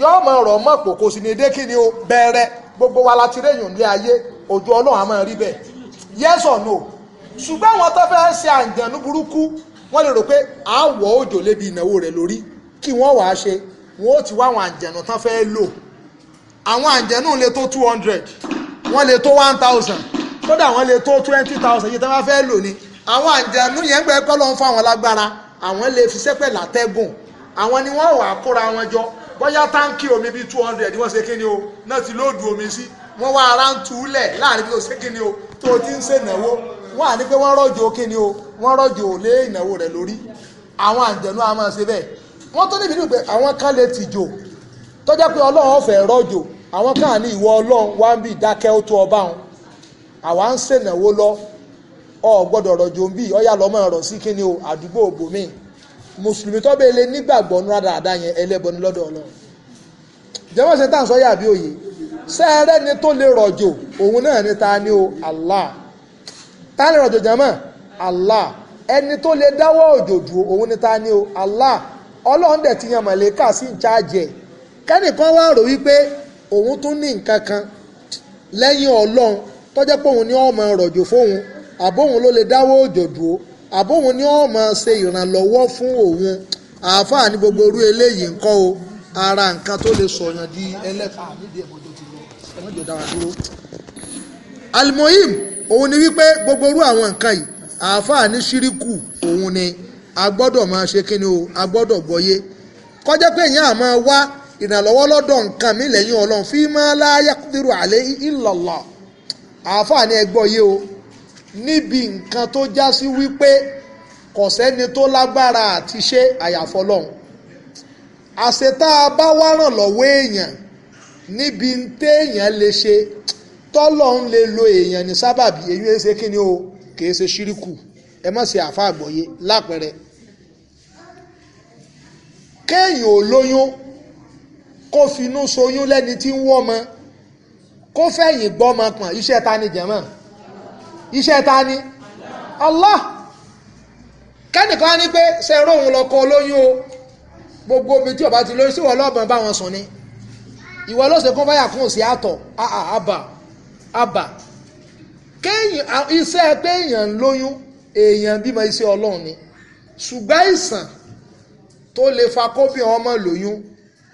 yóò máa rọ̀ mọ̀pò kò sì ní dé kí ni o bẹ̀rẹ̀ gbogbo wa láti réyìn ní ayé òjò ọlọ́run a máa rí bẹ́ẹ̀ yes or no ṣùgbọ́n àwọn tó fẹ́ẹ́ ṣe àǹjẹ̀nú burúkú wọ́n lè rò pé àwọ̀ òjò lébi ìnáwó rẹ̀ lórí kí wọ́n wàá ṣe wọn ó ti wá àwọn àǹjẹ̀nù tán fẹ́ lò àwọn àǹjẹ̀nù lè tó two hundred wọ́n lè tó one thousand kódà wọ́n lè tó twenty thousand yìí tán bá fẹ́ lò ní àwọn àǹjẹ̀nù yẹn gbẹ́ kọ́ ló ń fún àwọn lágbára àwọn lè fi sẹ́pẹ̀ látẹ́gùn àwọn ni wọ́n wà kóra wọn jọ bóyá táǹkì omi bíi two hundred wọ́n ṣe kíni o náà ti lóòdù omi sí wọ́n wá ara ń túlẹ̀ láàrin bí o ṣe kíni o tó o ti ń ṣèǹnáwó wọ́n à ní pé wọ́n rọ̀jò kíni o wọ́n rọ̀jò lé ìnáwó rẹ̀ lórí àwọn àǹjẹ̀nù á máa ṣe bẹ́ẹ̀ wọ́n tó níbi nígbẹ́ àwọn kan lè tìjò tọ́já pé ọlọ́run ọ̀fẹ́ rọ́jò àwọn kan ní ìwọ ọlọ́run wá ń bí ìdákẹ́ ó tó ọba wọn àwa ń ṣènáwó lọ ọ gbọ́dọ̀ rọ̀jò ń bí ọyà lọ́mọ ọ̀rọ̀ sí kíni o àdúgbò òbòmí mùsùlùmí tó bẹ́ẹ̀ lé nígbàgbọ́ nura dáadáa yẹn ẹlẹ́bọ ní lọ́dọ̀ ọlọ́run jẹ́wọ́n ṣe tàn sọ́yà bí òye sẹ́ẹ̀rẹ́ ni tó lè rọ̀jò òun náà ni ta ni o Allah ta ni rọ̀jò jẹ́mọ́ Allah ẹni tó lè dáwọ́ òjò dùn òun ni ta ni o Allah ọlọ́run dẹ̀ ti yan mọ̀lẹ́kà sí ìjáàjẹ́ kẹ́nìkan wá rò wípé òun tún ní nǹkan kan lẹ́yìn ọlọ́run tọ́jẹ́ pé òun ni ó rọ̀jò fóun àbóhun ló lè dáwọ́ òjò dúró ṣe ìrànlọ́wọ́ fún òun àáfàá ní gbogbo orú eléyìí ńkọ́ o ara nǹkan tó lè sọ̀yàn di ẹlẹ́fà a gbọ́dọ̀ máa ṣe kí ni o a gbọ́dọ̀ gbọ́yé kọjá pé èèyàn á máa wá ìrànlọ́wọ́ lọ́dọ̀ nǹkan mi lẹ́yìn ọlọ́run fi máa láyà kúndìrú àlẹ́ ìlọ̀lọ̀ àáfààní ẹgbọ́ yé o níbi nǹkan tó já sí wípé kò sẹ́ni tó lágbára àti ṣe àyàfọ́lọ́run àṣetá a bá wá ràn lọ́wọ́ èèyàn níbi téèyàn lè ṣe tọ́lọ́run lè lo èèyàn ní sábàbí èyí ẹ ṣe kí ni o kì í ṣe ṣíríkù ẹ má ṣe àfa àgbọ̀yé lápẹẹrẹ kéèyàn ò lóyún kó finú soyún lẹ́ni tí ń wọ́mọ kó fẹ̀yìn gbọ́mọ pọ̀n iṣẹ́ ta ni jẹ̀mọ́ iṣẹ́ ta ni Allah kẹ́nìkan á ní pé ṣe róhun lọ́kọ olóyún o gbogbo omi tí ọba ti lóyún sí ìwọ lọ́ọ̀bọ̀n bá wọn sùn ni ìwọ lọ́sẹ̀ kó báyà kún sí àtọ̀ ah, ah, àbà àbà kéèyàn iṣẹ́ kéèyàn lóyún èèyàn bímọ iṣẹ́ ọlọ́run ni ṣùgbọ́n àìsàn tó lè fa kóbìn ọmọ lóyún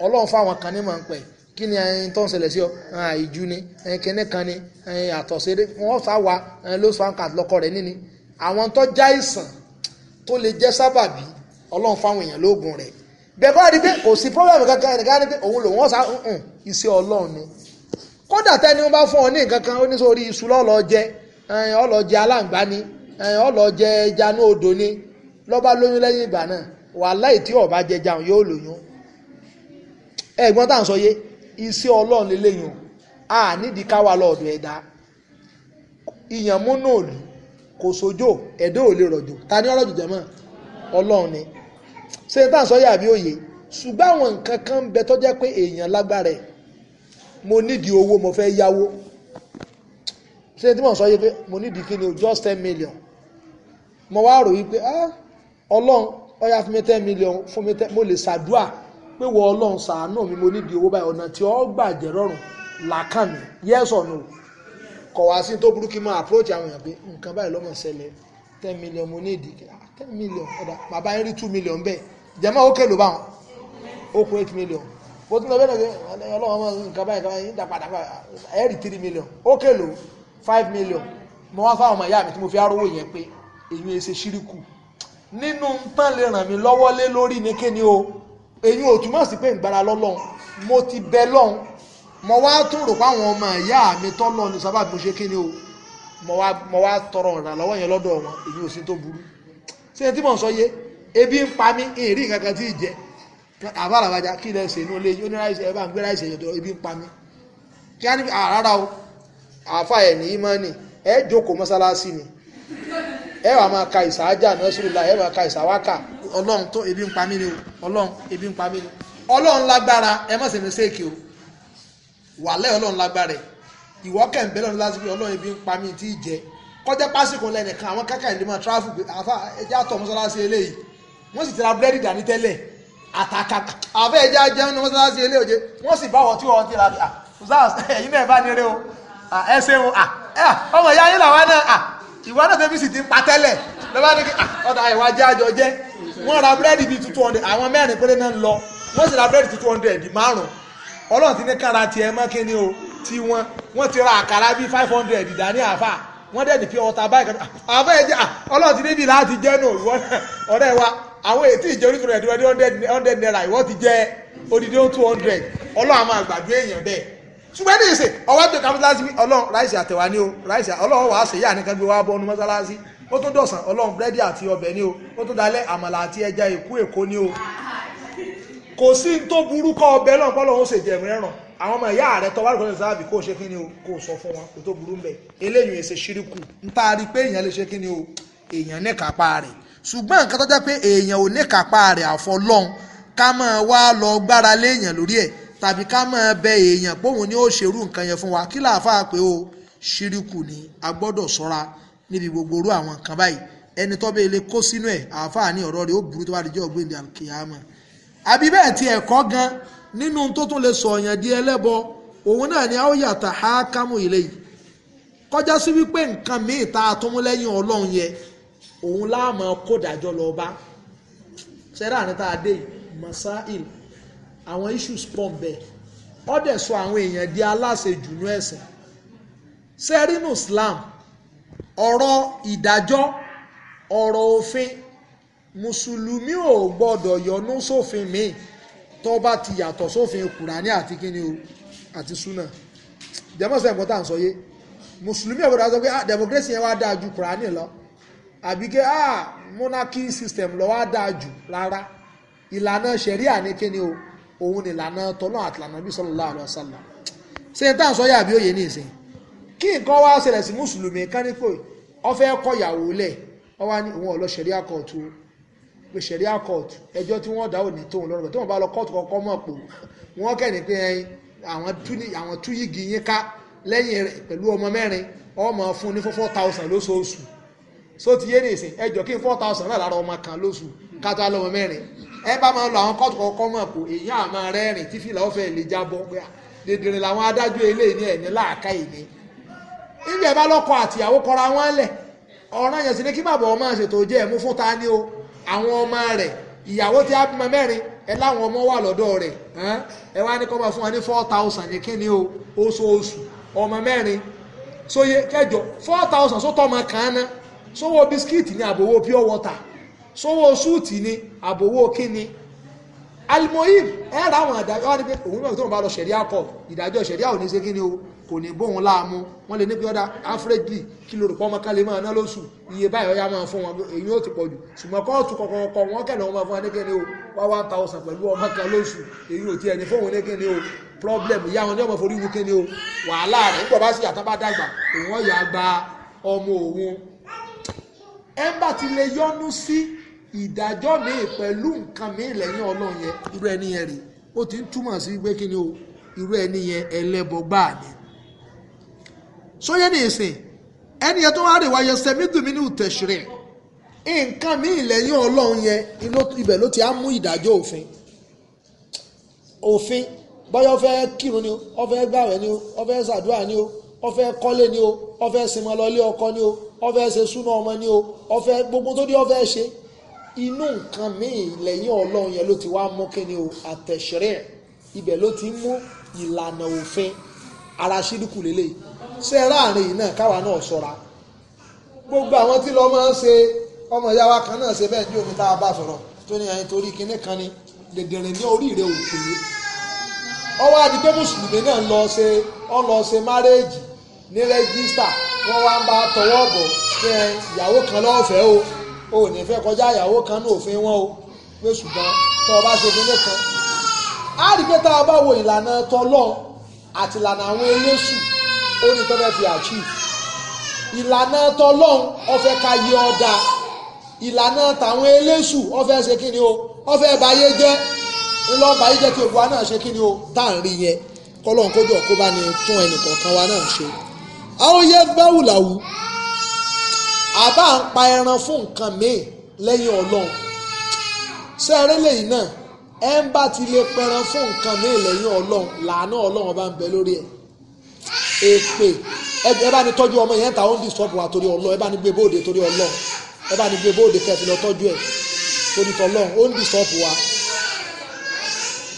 ọlọ́run fáwọn kan ní màá ń pẹ́ kí ni ẹyin tó ń ṣẹlẹ̀ sí ọ ìjú ni ẹyin kan ni ẹyin àtọ̀ṣeré wọ́n sá wa ẹyin ló sàn kàn lọ́kọ rẹ̀ níní àwọn tó já àìsàn tó lè jẹ́ sábàbí ọlọ́run fáwọn èèyàn lóògùn rẹ̀ bẹ́ẹ̀ kọ́ ni pé kò sí pọ́blẹ́mù kankan ẹnìkan ni pé òun lòun ọ̀sà ń iṣẹ́ ọlọ́run ni kódà tẹ́ni wọ́n bá fún ọ ní nǹkan kan ó ní sórí iṣu lọ́ọ̀lọ́ jẹ ọlọ́ọ̀ jẹ aláǹgbá ni ọlọ jẹ ẹja ní odò ni lọ́ba lóyún lẹ́yìn ìgbà náà wàláì tí ọba jẹ ẹja yóò lóyún ẹ̀gbọ́n tá à ń sọ yé iṣẹ́ ọlọ́run lélẹ́yìn a nídìí káwa lọ́ọ̀dọ̀ ẹ̀dá ìyànmúnú òòlù kò sójó ẹ̀dọ́ ò lè rọ̀jò ta ní ọlọ́jù jẹ́mọ́ ọlọ́run ni ṣé tá à ń sọ yé àbí òye ṣùgbọ́n àwọn nǹkan kan ń bẹ tó jẹ́ pé èèyàn lágbára ẹ̀ mo nídìí owó mo fẹ́ yáwó ṣé tí mo sọ yé pé mo nídìí kí ni o just ten million mo wá rò wípé ah, ọlọ́run ọyá fún mi fún mi mo lè ṣàdúà pé wọ ọlọ́run ṣàánú mi mo nídìí owó báyìí ọ̀nà tí gbàjẹ́ rọrùn làákàn mi yes or no kọ̀ wá sí tó burúkú approach àwọn èèyàn pé nǹkan báyìí lọ́mọ ṣẹlẹ̀ ten mo ah, ọ̀dà bàbá yẹn rí two million bẹ́ẹ̀ jẹ́mọ́ ó báwọn ó kún eight million bó tún lọ bẹ́ẹ̀ ọlọ́run ọmọ nǹkan báyìí èyí ẹ ṣe ṣíríkù nínú tán lè ràn mí lọ́wọ́ lé lórí ní kíni o èyí ò túmọ̀ sí pé ìgbára lọ́lọ́run mo ti bẹ lọ́hùn mo wá tún rò páwọn ọmọ ìyá mi tọ́lọ́ ní sábà bí mo ṣe kíni o mo wá tọrọ ìrànlọ́wọ́ yẹn lọ́dọ̀ wọn èyí ò sí tó burú ṣé tí mò ń sọ yé ebi ń pa mí ìrí nǹkan kan tí ì jẹ àbáràbájá kí lẹ ṣe inú ilé yóò ní ráìsì ẹ bá ń gbé ráìsì ẹ̀yọ̀ tó ebi ń pa mí kí á ní àrárá o àáfà ẹ̀ ní í ni ẹ jókòó mọ́sálásí ni ẹ wà máa ka ìsàájà nọ́sùrùlà ẹ máa ka ìsàwákà ọlọ́run tó ebi ń pa mí ni o ọlọ́run ebi ń pa mí ni ọlọ́run lágbára ẹ má ṣe mistake o wàlẹ́ ọlọ́run lágbára ẹ ìwọ kẹ̀ǹbẹ́ lọ́run lásìkò ọlọ́run ebi ń pa mí tí ì jẹ kọjá pásìkò lẹ́nìkan àwọn kákà ìlú máa tráfù pé àfa ẹja tọ̀ mọ́sálásí eléyìí wọ́n sì ti ra búrẹ́dì dání tẹ́lẹ̀ àtàkà àfẹ́ ẹja jẹun ní mọ́sálásí eléyìí òjé wọ́n sì bá wọ́n tí wọ́n ti ra ah, *laughs* ẹ̀yin náà bá ní eré o ah, ẹ ṣeun ah, ọmọ ìyá yín làwọn náà ìwọ náà tẹ́bí sì ti ń pa tẹ́lẹ̀ lọ́ba ní ọ̀dà ìwà jẹ́ àjọ jẹ́ wọ́n ra búrẹ́dì bíi two hundred àwọn mẹ́rin péré náà ń lọ wọ́n sì ra búrẹ́dì two hundred márùn-ún ọlọ́run ti ní kára tiẹ̀ mọ́ kí ni o ti wọn wọ́n ti ra àkàrà bíi five hundred dání àfà wọ́n dẹ̀ ní pure water báyìí kan àfà ẹ̀ jẹ́ ọlọ́run ti níbi láti jẹ́ nù ọ̀rẹ́ wa àwọn ètí ìjẹ́ oníṣòro ẹ̀dínwó ní hundred naira ìwọ ti jẹ́ odidi two hundred ọlọ́run àmọ́ àgbàdo èèyàn bẹ́ẹ̀ ṣùgbọ́n ní ìsìn ọwọ́ tó ká mọ́sálásí bí ọlọ́run ráìsì àtẹ̀wá ní o ráìsì ọlọ́run wàá sèyá nìkan gbé wá bọ́ọ̀nù mọ́sálásí ó tún dọ̀sán ọlọ́run búrẹ́dì àti ọbẹ̀ o ó tún dalẹ̀ àmàlà àti ẹja èkó ní o kò sí tó burú kọ́ ọbẹ̀ náà pọ́lọ́ ó àwọn ọmọ ìyá rẹ ṣe kíni o kò sọ fún wọn tó burú eléyìí ṣíríkù tàbí ká máa bẹ èèyàn póun ni ó ṣerú nǹkan yẹn fún wa kí làáfàá pé o ṣíríkù ni a gbọ́dọ̀ ṣọ́ra níbi gbogbo orú àwọn nǹkan báyìí ẹni tó bẹ́ẹ̀ lè kó sínú ẹ̀ àáfàá ní ọ̀rọ̀ rẹ̀ ó burú tó bá di jẹ́ ọ̀gbìn ìdàkìyàmọ̀ àbí bẹ́ẹ̀ ti ẹ̀kọ́ gan nínú tó tún lè sọ ọ̀yàn di ẹlẹ́bọ òun náà ni a ó yàtà á kámú ilé yìí kọjá sí wípé nǹkan míì ta àtúmúlẹ́yìn ọlọ́run yẹ òun láàmú kó dájọ́ lọ bá ṣẹ́rà ní tá a dé àwọn issues pọ̀ bẹ̀ ó dẹ̀ sọ àwọn èèyàn di aláṣejù nú ẹ̀sìn sẹ́rínù Islam ọ̀rọ̀ ìdájọ́ ọ̀rọ̀ òfin mùsùlùmí ò gbọ́dọ̀ yọnú sófin míì tó bá ti yàtọ̀ sófin kùránì àti kíni o àti súnà jẹ́mọ̀sán ẹ̀kọ́ tá à ń sọ yé mùsùlùmí ò gbọ́dọ̀ sọ pé ah, democracy yẹn wá dáa ju kùránì lọ àbí pé ah, monarchy system lọ wá dáa jù rárá ìlànà ṣẹ̀ríà ní kíni o òun ni lànà tọ́lọ́ àti bí sallallahu alaihi wasallam ṣe n táà sọ yà bí òye ní ìsìn kí nǹkan wá ṣẹlẹ̀ sí mùsùlùmí kánífò ọfẹ́ kọ ìyàwó lẹ̀ ọwá ní òun ọ̀lọ́ ṣẹ̀ríà kóòtù pé ṣẹ̀ríà kóòtù ẹjọ́ tí wọ́n dá òní tóun lọ́rùn tí wọ́n bá lọ kóòtù kọ́kọ́ mọ̀ pò wọ́n kẹ́ni pé àwọn túyìgì yín ká lẹ́yìn rẹ̀ pẹ̀lú ọmọ mẹ́rin ọmọ fún ní four thousand lóṣooṣù so ti yé ní ìsìn ẹjọ́ kí n four thousand náà lára ọmọ kan lóṣù ká tó á lọ́mọ mẹ́rin ẹ bá máa lọ àwọn kóòtù kọ̀ọ̀kan mọ̀ pé èyí àmọ́ rẹ́rìn tí fìlà ọ̀fẹ́ lè jábọ́ pé dèdèrè làwọn adájọ́ eléyìí ní ẹ̀ní láàká ìní níbi ẹ̀ bá lọ́kọ àtìyàwó kọra wọn lẹ̀ ọ̀ràn yẹn sì ni kí bàbá ọmọ ṣètò jẹ́ ẹ̀mú fún ta ni o àwọn ọmọ rẹ̀ ìyàwó tí a bímọ mẹ́rin ẹ láwọn ọmọ wà lọ́dọ̀ rẹ̀ ẹ wá ní kọ́ máa fún wa ní four thousand ní kíni o oṣooṣù ọmọ mẹ́rin sóye kẹjọ four thousand sótọ́ ọmọ kan ná sówó bisikíìtì ní àbòwò pure water sówó súùtì ni àbòwò kíni alimoyib ẹ ra àwọn àdájọ́ wá ní pé òun náà tó ń bá lọ ṣẹ̀ríà kọ̀ ìdájọ́ ṣẹ̀ríà ò ní ṣe kíni o kò ní bóun láàmú wọ́n lè ní pé ọ̀dà áfírẹ́jì kí lóru pọ́ ọmọ kálí máa ná lóṣù iye báyìí ọ̀yá máa fún wọn èyí ó ti pọ̀ jù ṣùgbọ́n kóòtù kọ̀kọ̀kọ̀ wọn kẹ̀lẹ́ wọn máa fún wọn ní kíni o wá wá ta ọ̀sán pẹ̀lú ọmọ kan lóṣù èyí ò tiẹ̀ ní fóun ní kíni o problem ìyá wọn ní ọmọ forí wu kíni o wàhálà rẹ̀ nígbà bá sì yàtọ̀ bá dàgbà òun ọ̀yà gba ọmọ òun ẹ̀ ń bá ti lè yọnu sí ìdájọ́ míì pẹ̀lú nǹkan míì lẹ́yìn ọlọ́run yẹn irú ẹni yẹn rèé ó ti ń túmọ̀ sí pé kí ni o irú ẹni yẹn ẹlẹ́bọ ni. sóyè ní ìsìn ẹni yẹn tó wá rè wáyé sẹ́mídùmí ní ìtẹ̀sírẹ̀ nǹkan míì lẹ́yìn ọlọ́run yẹn ibẹ̀ ló ti á mú ìdájọ́ òfin òfin bọ́yá ó fẹ́ kírun ni o ó fẹ́ gbàwẹ̀ ni o ó fẹ́ ṣàdúrà ni o ó kọ́lé ni o ó sinmi lọ ilé ọkọ ni o ó ṣe súná ọmọ ni o ó gbogbo tó dé ó ṣe inú nǹkan míì lẹ́yìn ọlọ́run yẹn ló ti wá mú kí ni o àtẹ̀sẹ̀rẹ̀ ibẹ̀ ló ti mú ìlànà òfin ara ṣídùkù lélẹ̀ ṣe láàrin yìí náà káwa náà ṣọ́ra gbogbo àwọn tí lọ́ọ́ máa ń ṣe ọmọ ìyá wa kan náà ṣe bẹ́ẹ̀ ní omi tá a bá sọ̀rọ̀ tó ní ẹyin torí kinní kan ni dèdèrè ní orí rẹ ò pè é ọwọ́ adi mùsùlùmí náà lọ ṣe ọ lọ ṣe márẹ́ẹ̀jì ní rẹ́gísítà wọ́n wá ń bá tọwọ́ bọ̀ pé ìyàwó kan lọ́ọ̀fẹ́ o o ò ní fẹ́ kọjá ìyàwó kan ní òfin wọn o pé ṣùgbọ́n tó o bá ṣe fún nìkan á rí pé tá a bá wo ìlànà tọlọ àti ìlànà àwọn eléṣù ó ní tọ́fẹ́ fi achieve ìlànà tọlọ ọfẹ́ ká yẹ ọ̀dà ìlànà tàwọn eléṣù ọfẹ́ ṣe kí ni o ọfẹ́ báyé jẹ́ ńlọ báyé jẹ́ kí ògbó wa náà ṣe kí ni o tá à ń rí yẹn kọ́lọ́n kójọ kó bá ní tún ẹnì kọ̀ọ̀kan wa náà ṣe. àwọn yẹn bá wùlà àbá ń pa ẹran fún nǹkan míì lẹ́yìn ọlọ́run sẹ́ẹ̀rẹ́ lẹ́yìn náà ẹ ń bá ti lè pẹran fún nǹkan míì lẹ́yìn ọlọ́run làánà ọlọ́run bá ń bẹ lórí ẹ̀ èpè ẹ bá ní tọ́jú ọmọ yẹn ta ó ń disturb wa torí ọlọ́run ẹ bá ní gbé bóde torí ọlọ́run ẹ bá ní gbé bóde kẹfì lọ tọ́jú ẹ torí tọ́lọ́run ó ń disturb wa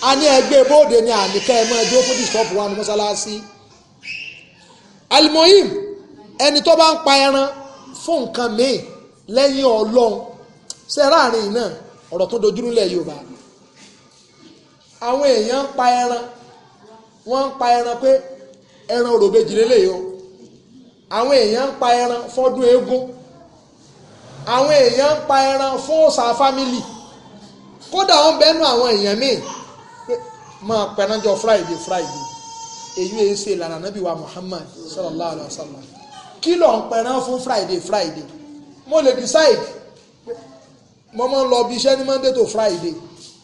a ní ẹgbẹ́ bóde ni àníkẹ́ ẹ máa dúró fún disturb wa ní mọ́sálásí alimoyim ẹni tó bá ń pa ẹran fún nǹkan míì lẹ́yìn ọlọ́run ṣe ráàrin náà ọ̀rọ̀ tó dojúrú lẹ̀ Yorùbá àwọn èèyàn ń pa ẹran wọ́n ń pa ẹran pé ẹran òròbejì lélẹ́yìí o àwọn èèyàn ń pa ẹran fọ́dún eégún àwọn èèyàn ń pa ẹran fún ọ̀sà fámìlì kódà wọn bẹnu àwọn èèyàn míì pé máa pẹranjọ Friday Friday èyí ẹ ṣe ìlànà nàbí wa Muhammad sallallahu alayhi wa sallam kí ló ń pẹran fún friday friday mo lè decide mo máa ń lọ bí iṣẹ́ ní monday to friday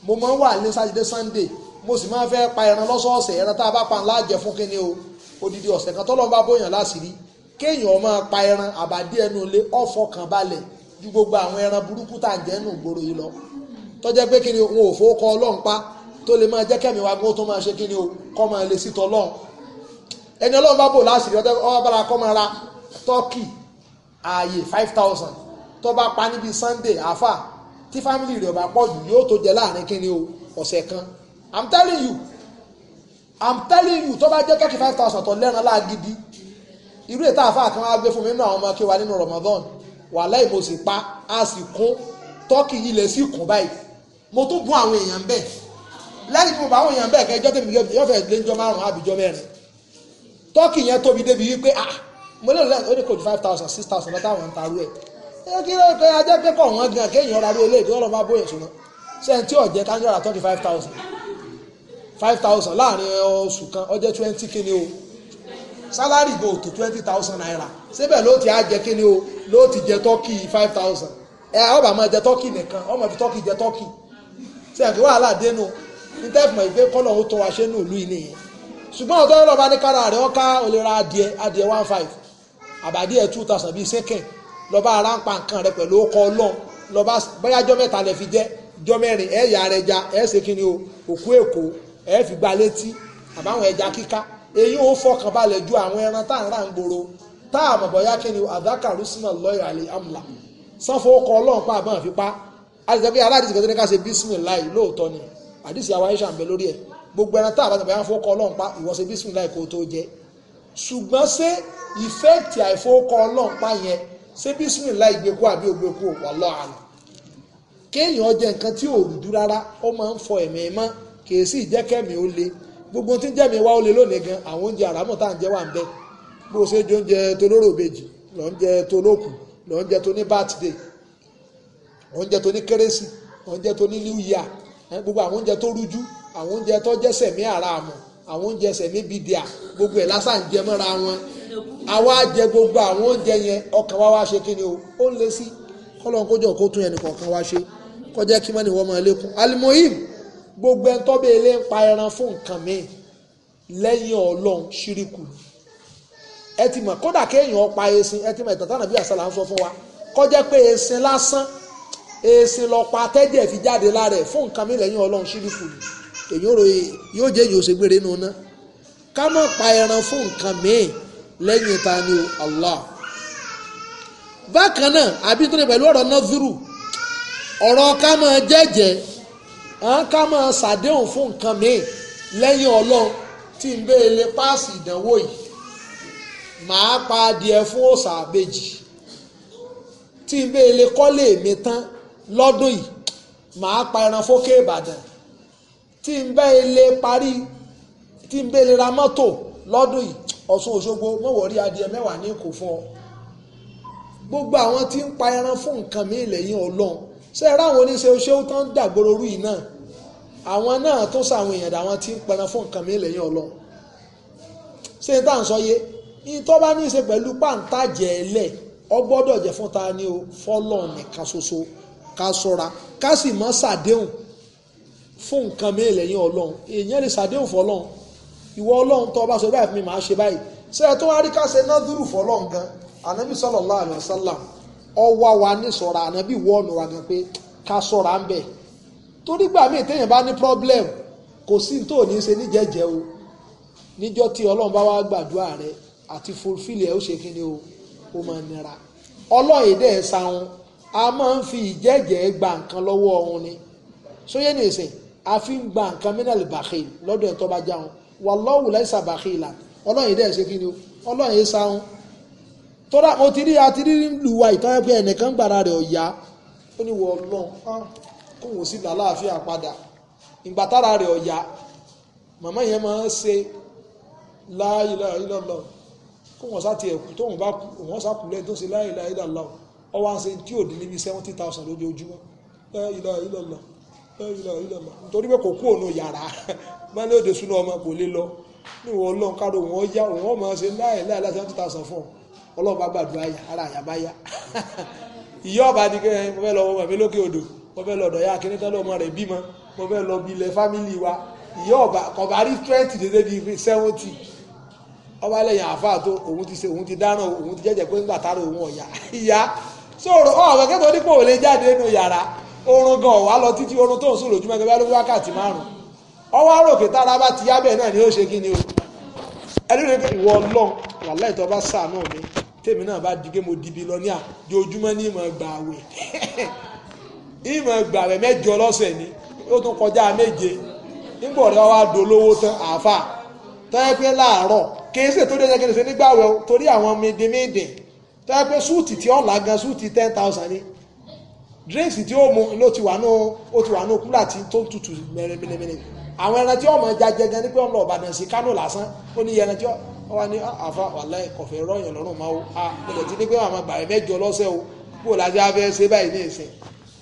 mo máa ń wà ní saturday sunday mo sì máa ń fẹ́ pa ẹran lọ́sọ̀ọ̀sẹ̀ ẹran tá a bá pa ńlá jẹ fún kínní o odidi ọ̀sẹ̀ kan tọ́lọ́ bá bóyàn láṣìírí kéèyàn máa pa ẹran àbádí ẹnu ilé ọ̀fọ̀ kan balẹ̀ ju gbogbo àwọn ẹran burúkú tá à ń jẹ nù gbòòrò yìí lọ tọ́jẹ́ pé kí ni wọn ò fowókọ ọlọ́run pa tó lè máa jẹ́ kẹ́mi wa gbọ́ tó máa ṣe kí ni o kọ́ máa lè sítọ́ ọlọ́run ẹni ọlọ́run bá bò láṣìírí ọba turkey ààyè five thousand tó bá pa níbi sunday àfà tí family rẹ̀ bá pọ̀ jù yóò tó jẹ láàrin kíni o ọ̀sẹ̀ kan i'm telling you i'm telling you tó bá jẹ́ kẹ́kẹ́ five thousand tó lẹ́ran láàgidi irú ètò àfà kan wá gbé fún mi nínú àwọn ọmọ kí wa nínú ramadan wàhálà ìbò sì pa á sì kún turkey yìí lẹ̀ sí kún báyìí mo tún bún àwọn èèyàn bẹ́ẹ̀ lẹ́yìn tí mo bá àwọn èèyàn bẹ́ẹ̀ kẹjọ́ tèmi yóò fẹ́ lé njọ́ márùn-ún àbíjọ́ mẹ́rin tọ́kì yẹn tóbi débi wípé ah mo lè lẹ́yìn ó ní kò five thousand six thousand lọ́tà àwọn ń tarú ẹ̀ ẹ kí ló kẹ́ ajẹ́ pé kọ̀ wọ́n gan kéèyàn ra eléyìí tó lọ́ bá bóyè ṣùgbọ́n sẹ́yìn tí ọ̀jẹ́ kájọ́ ra thirty five thousand five thousand láàrin oṣù kan ọjẹ́ twenty kíni o salary go to twenty thousand naira síbẹ̀ ló ti ajẹ́ kíni o ló ti jẹ tọ́kì five thousand ẹ ọba máa jẹ tọ́kì nìkan ọmọ fi tọ́kì jẹ tọ́kì sẹ́yìn kí wàhálà dénú nítẹ̀fùmọ̀ ìgbé kọ́lọ̀ ó tọ́ wa ṣe ní ìlú yìí nìyẹn ṣùgbọ́n ọ̀dọ́ ọlọ́ba ní kára rẹ̀ ọ́ká olè ra adìẹ adìẹ one five àbádé ẹ̀ two thousand bíi second lọ́ba ara ń pa nǹkan rẹ pẹ̀lú ọkọ̀ ọlọ́run lọ́ba bóyá jọ́ mẹ́ta lẹ fi jẹ́ jọ́ mẹ́rin ẹ̀ yà rẹ ja ẹ̀ ṣe kí ni o òkú èkó ẹ̀ fi gba létí àbáwọn ẹja kíká èyí ò fọkàn balẹ̀ ju àwọn ẹran tá à ń rà ń gbòòrò tá à mọ̀ bóyá kí ni àdákàrú sínú lọ́ọ̀yà àlè amúlà sanfọ ọkọ̀ ọlọ́run pa àbọ̀n àfi pa àtìsẹ́ pé aládìsí kan tó ní ká ṣe bísímìláì lóòótọ́ ni àdìsí àwa iṣà ń bẹ lórí ẹ̀ gbogbo ọlọ́run pa ìwọ ṣe bísímìláì kó tó jẹ́ ṣùgbọ́n ṣé ìfẹ́ẹ̀tì àìfowókọ ọlọ́run pa yẹn ṣé bísímìlá ìgbéko àbí ògbéko ọ̀pọ̀lọ́ àná kéèyàn jẹ nǹkan tí ò rúdú rárá ó máa ń fọ ẹ̀mí mọ́ kì í sì jẹ́ ó le gbogbo tí ń jẹ́mi le lónìí gan àwọn oúnjẹ àràmọ̀ tá à ń wà ń bó o ṣe jẹ oúnjẹ tó lóró ìbejì lọ́n jẹ tó lọ́n jẹ kérésì gbogbo àwọn oúnjẹ tó rújú àwọn oúnjẹ tó jẹ́ àwọn oúnjẹ sẹ̀mí bìdíà gbogbo ẹ̀ lásán jẹ mọ́ra wọn àwa jẹ gbogbo àwọn oúnjẹ yẹn ọkàn wa wá ṣe kí ni o ó lé sí kọ́lọ́n kójọ kó tún ẹnì kọ̀ọ̀kan wá ṣe kọjá kí mọ́ni wọ́n máa lékún alimoyim gbogbo ẹni tọ́bẹ̀ ilé ń pa ẹran fún nǹkan mi lẹ́yìn ọlọ́run ṣíríkù ẹ ti mọ̀ kódà kéèyàn pa esin ẹ ti mọ̀ ìtàn tánàbí àṣà là ń sọ fún wa kọjá pé esin lásán esin lọ tẹ́jẹ̀ fi jáde lára ẹ̀ fún nǹkan mi lẹ́yìn ọlọ́run ṣíríkù ni èyí yóò jẹ́ èyí ò ṣe gbére nu ná ká má pa ẹran fún nǹkan míì lẹ́yìn ta ni o Allah bákan náà àbí tó ní pẹ̀lú ọ̀rọ̀ nọ́fìrù ọ̀rọ̀ ká máa jẹ́jẹ́ ká máa ṣàdéhùn fún nǹkan míì lẹ́yìn ọlọ́run tí ń bẹ́ẹ̀ lè páàsì ìdánwò yìí màá pa adìẹ fún òòsà àbèjì tí ń bẹ́ẹ̀ lè kọ́lé mi tán lọ́dún yìí màá pa ẹran fókè Ìbàdàn tí ń bẹ́ ilé parí tí ń bẹ́ ilé ra mọ́tò lọ́dún yìí Ọ̀ṣun Òṣogbo wọ́n wọ̀ rí adìẹ mẹ́wàá ní kò fún ọ. gbogbo àwọn tí ń pa ẹran fún nǹkan mi lẹ́yìn ọlọ́run ṣé ẹ ráwọn oníṣe oṣèlú tán ń dàgbòrò rú yìí náà àwọn náà tó sàwọn èèyàn dàwọn tí ń pẹran fún nǹkan mi lẹ́yìn ọlọ́run ṣé n táà ń sọ yé ìtọ́ bá ní í ṣe pẹ̀lú pàǹtàjẹ̀ ẹlẹ̀ ọ gbọ́dọ̀ jẹ́ fún ta ni o fọ́lọ́ nìkan ṣoṣo ká ṣọ́ra ká sì mọ́ ṣàdéhùn fún nǹkan mi lẹ́yìn ọlọ́run èèyàn lè ṣàdéhùn fọlọ́run ìwọ ọlọ́run tó bá sọ báyìí fún mi màá ṣe báyìí ṣé ẹ tó wá rí ká ṣe nádùrù fọlọ́run gan ànábì sallallahu alaihi wasallam ọwọ́ wa ní sọ̀rọ̀ ànábì wọ́ọ̀nù wa gan pé ká sọ̀rọ̀ à ń bẹ̀ torí gbà míì téèyàn bá ní problem kò sí tó ní ṣe níjẹ́jẹ́ o níjọ́ tí ọlọ́run bá wá gbàdúrà rẹ àti fulfill ẹ̀ ó ṣe kí ni o ó máa nira ọlọ́run èdè ẹ̀ sahun a máa ń fi ìjẹ́jẹ́ gba nǹkan lọ́wọ́ ọ̀hún ni sóyè nìsín a fi ń gba nǹkan mínàlì bàkìl lọ́dọ̀ ẹ̀tọ́ bá jáun wallahu laysa bàkìlà ọlọ́run yìí dẹ̀ ṣe kí ni o ọlọ́run yìí sáhun tọ́lá mo ti rí a ti rí lùwà ìtàn ẹ̀ pé ẹnìkan gbàrà rẹ̀ ọ̀yá ó ní wọ ọlọ́run kó wọn sì làlàáfíà padà ìgbà tára rẹ̀ ọ̀yá màmá yẹn máa ń ṣe la ilaha illallah kó wọn sáti ẹ̀kú tó wọn bá kú wọn sákùlẹ̀ tó ṣe la ilaha illallah ọwọ́ à ń ṣe tí ò dín níbi seventy thousand lójoojúmọ́ la ilaha illallah nítorí pé kò kú òun yàrá máa ní òde súná ọmọ kò lè lọ ní ìwọ ọlọ́run kárò wọn yá òun ọmọ ṣe láì láì láti one two thousand fún ọ ọlọ́run bá gbàdúrà yà ara àyà bá yá ìyá ọba ni kẹ́ mo fẹ́ lọ ọmọ mi lókè odò mo fẹ́ lọ ọ̀dọ̀ ya kíní tán lọ́mọ rẹ̀ bímọ mo fẹ́ lọ bí ilẹ̀ fámìlì wa ìyá ọba kọba rí twenty dédé bíi seventy ọba lẹ́yìn àáfàá tó òun ti ṣe òun ti dáná òun ti jẹ́jẹ́ pé ńgbà táró òun oorun gan wà lọ títí orun tó ń sùn lójúmọ́ ẹgbẹ́ wákàtí márùn-ún ọwọ́ àròkè tára bá ni ó ṣe kí o pé ìwọ ọlọ́run wàhálà ìtọ́ mi tèmi náà bá di lọ ojúmọ́ ní ìmọ̀ gbà àwẹ̀ *laughs* ìmọ̀ àwẹ̀ mẹ́jọ lọ́sẹ̀ ni ó tún kọjá méje nígbà ọ̀rẹ́ dolówó tán àáfà láàárọ̀ tó dé torí àwọn drinks tí ó mu ló ti wà ní ó ti wà ní kúlà tí tó tutù mẹrẹmẹrẹ àwọn ẹran tí ọmọ jajẹ gan ni pé ọmọ ọbàdàn sí kánò lásán ó ní ẹran tí wọn wá ní ah, àfa wàlá kọfẹ rọyìn lọrùn máa wo a gbọdọ ti ní pé màmá bàrẹ mẹ́jọ lọ́sẹ̀ o kó o lájẹ abẹ ṣe báyìí ní ìsìn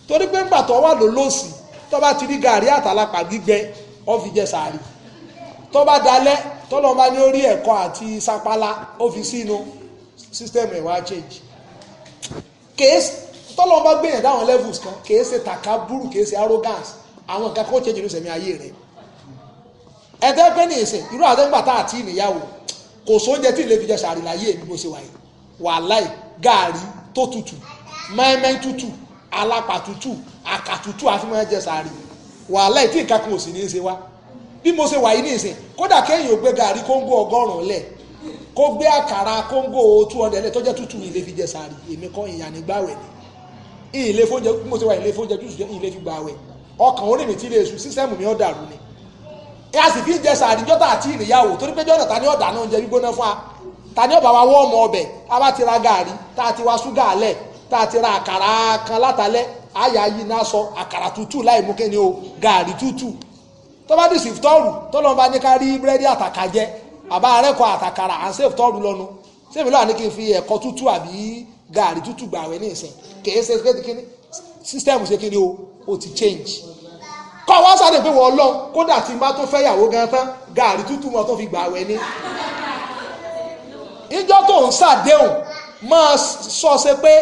torí pé ńgbà tó wà lólóòsì tó bá ti rí gàrí àtàlápà gbígbẹ ó fi jẹ sàárì tó bá dalẹ̀ tọ́lọ́ bá ní orí ẹ̀kọ́ àti sapala ó fi sínú sísítẹ́ẹ̀mù ẹ̀wà change tọ́lọ́ bá gbèyàn dáwọn levels kan kìí ṣe takaburu kìí ṣe arrogance àwọn nǹkan kó change lóṣèmí ayé rẹ̀ ẹ̀tẹ́ pé ní ìsìn irú àtẹ́gbà tá àti ìníyàwó kò sóúnjẹ tí ìlé fi jẹ sàárì láyé èmi bó ṣe wáyé wàláì gààrí tó tutù mẹ́mẹ́ tutù alápà tutù àkà tutù àti mọ́ jẹ sàárì wàláì tí nǹkan kan ò sì ní í ṣe wá bí mo ṣe wáyé ní ìsìn kódà kéèyàn ò gbé gààrí kóńgò ọgọ́rùn-ún lẹ̀ kó gbé àkàrà kóńgò two hundred lẹ̀ tó jẹ́ tutù ìlé jẹ sàárì èmi kọ́ ìyànnígbàwẹ̀ ni ilé fóúnjẹ bí mo ṣe wà ilé fóúnjẹ jùsù jẹ ilé fi gba àwẹ̀ ọkàn orí mi ti lè sùn sísẹ́mù mi ọ̀ dàrú ni ẹ a sì fi jẹ sàárì jọ́tà àti ìrìyàwó torí pé jọ́nà ta ni ọ̀dà náà jẹ gbígbóná fún wa ta ni ọ̀bà wa wọ́ ọmọ ọbẹ̀ a bá ti ra gàárì tá a ti wa ṣúgà alẹ̀ tá a ti ra àkàrà kan látàlẹ́ àyà yìí náà sọ àkàrà tútù láì mú kí ni o gàárì tútù tọ́ba dì sí ìfitọ́rù tọ́lọ́mọba ní ká rí búrẹ́dì àtàkà jẹ àbá arẹ́kọ̀ọ́ àtàkàrà à ń ṣe ìfitọ́rù lọ́nu sẹ́mi lọ́wọ́ ní kí n fi ẹ̀kọ́ tútù àbí gàárì tútù gbàwẹ̀ ní ìsìn kèé ṣe ṣe kíni ṣe kíni o o ti change kọ́ wọ́n sáré pé wọ́n lọ kódà tí n bá tó fẹ́yàwó gan tán gààrí tútù mọ́ tó fi gbà wẹ̀ ni ìjọ tó ń ṣàdéhùn máa sọ ṣe pé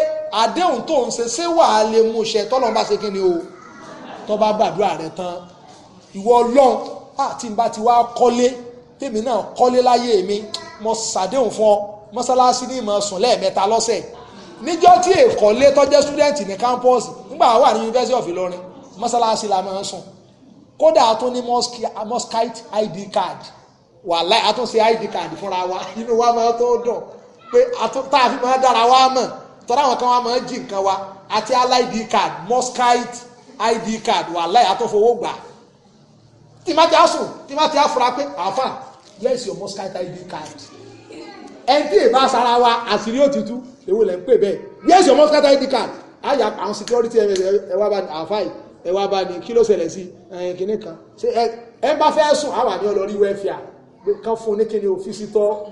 àdéhùn tó ń ṣe ṣé wàá lè mú ṣe tọ́lọ́n bá ṣe kíni o tó bá gbàdúrà rẹ tán ìwọ ọlọ́run àti n bá ti wá kọ́lé tèmi náà kọ́lé láyé mi mo ṣàdéhùn fún ọ mọ́sálásí ní ìmọ̀ sùn lẹ́ẹ̀mẹ́ta lọ́sẹ̀ níjọ́ tí èkó lé tọ́jẹ́ stúdẹ̀ǹtì ní kámpọ́ọ̀sì nígbà wà ní University of Ìlọrin mọ́sálásí la máa ń sùn kódà a tún ní mosquite ID card wàhálà a tún ṣe ID card fúnra wa *laughs* inú wa máa tó dùn pé tá a fi máa dára wa mọ̀ tọ́lá àwọn kan wa máa ń jí nǹkan wa àti al ID card mosquite ID card wàhálà a tún fowó gbà tìmátì á sùn tìmátì á fura pé àáfà where is your ID card ẹni tí èbá sara wa àṣírí òtítù èwo lẹ́ ń pè bẹ́ẹ̀ yes your most scatter id card àyà àwọn security ẹ wá bá ní àfáì ẹ wá bá ní kí ló ṣẹlẹ̀ sí ẹyin kìíní kan ṣe ẹ ẹ bá fẹ́ sùn àwà ní ọlọ́rí wẹ́fíà kan fún ní kíni òfíìsì tó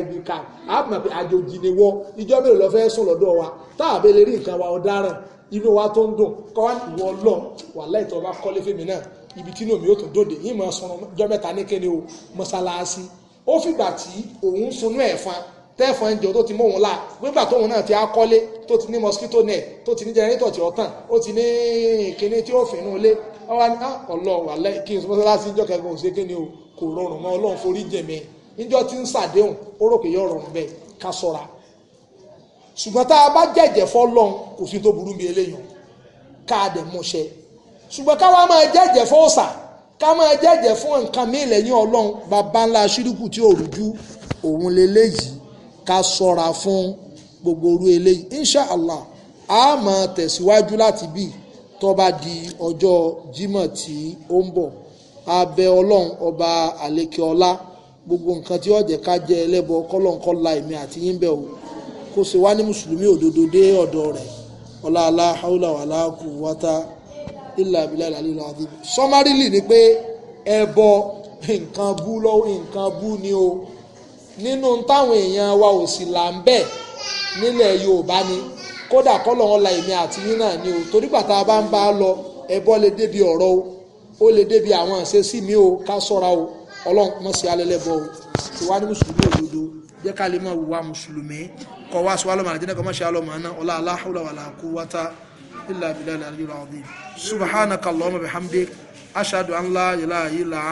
id card àmọ̀ pé àjòjì ni wọ́ ìjọ mélòó lọ fẹ́ sùn lọ́dọ̀ wa táàbẹ̀ lè rí nǹkan wa ọ̀daràn inú wa tó ń dùn kọ́ wá ìwọ ọlọ́ wà láìtọ́ bá kọ́lé fèmí náà ibi tí inú mi ó tún dòde yìí mọ̀ sọ̀rọ̀ jọ́ ní kíni o mọ́sálásí ó fìgbà tí òun sunú ẹ̀fọn tẹ́ẹ̀fọn ẹ̀jọ̀ tó ti mú òun la nígbà tóun náà ti akọ́lé tó ti ní mosquito net tó ti ní generator tí ó tàn ó ti ní kíní tí ó fìnnú ilé ọwọ́ ní ah, ọlọ́wà kí n sọ́sọ́ láti ìjọ kẹgbọ́n òṣèré kíní o kò rọrùn mọ́ ọlọ́run forí jẹ̀mí ìjọ tí ń sàdéhùn ó rò pé yọ rọrùn bẹ́ẹ̀ ká sọ́ra ṣùgbọ́n tá a bá jẹ̀jẹ̀ fọ́lọ́run kò sí tó burú bí eléyàn ká a dẹ̀ mọ̀ṣẹ́ ṣùgbọ́n ká wá máa jẹ́jẹ̀ fọ́ọ̀sà ká máa jẹ́jẹ́ fún nǹkan mí lẹ́yìn ọlọ́run bàbá ńlá ṣírùkù tí ò rújú òun leléyìí ká sọ̀ra fún gbogbo orú eléyìí inshàlá a máa tẹ̀síwájú láti bí tó bá di ọjọ́ Jímọ̀ tí ó ń bọ̀ abẹ ọlọ́run ọba àlekè ọlá gbogbo nǹkan tí ọ̀jẹ̀ ká jẹ ẹlẹ́bọ kọ́lọ́nkọ́ la èmi àti yín bẹ̀ o kó ṣe wá ní mùsùlùmí òdodo dé ọ̀dọ̀ rẹ̀ ọlá aláhàúlà wàlá kùwátá ilà abilà ìlàlẹ́ ìlà àti sọmárìlì ni pé ẹbọ nǹkan bú lọ́wọ́ nǹkan bú ni o nínú táwọn èèyàn wa ò sì là ń bẹ̀ nílẹ̀ Yorùbá ni kódà kọ́lọ̀ wọn la èmi àti yín náà ni o torí pàtà bá ń bá lọ ẹbọ lè débi ọ̀rọ̀ o ó lè débi àwọn àṣesí mi o ká sọ́ra o ọlọ́run mọ̀ sí alẹ́ lẹ́bọ o ìwà ní mùsùlùmí òdodo jẹ́ ká lè máa wùwà mùsùlùmí kọ́ wá sọ́wọ́ alọ́mọ àdínẹ́kọ́ mọ̀ sí alọ́mọ náà ọlá aláhùlà wàlà kú wátá illa billahi al-aliyyil azim subhanaka allahumma bihamdik ashhadu an la ilaha illa anta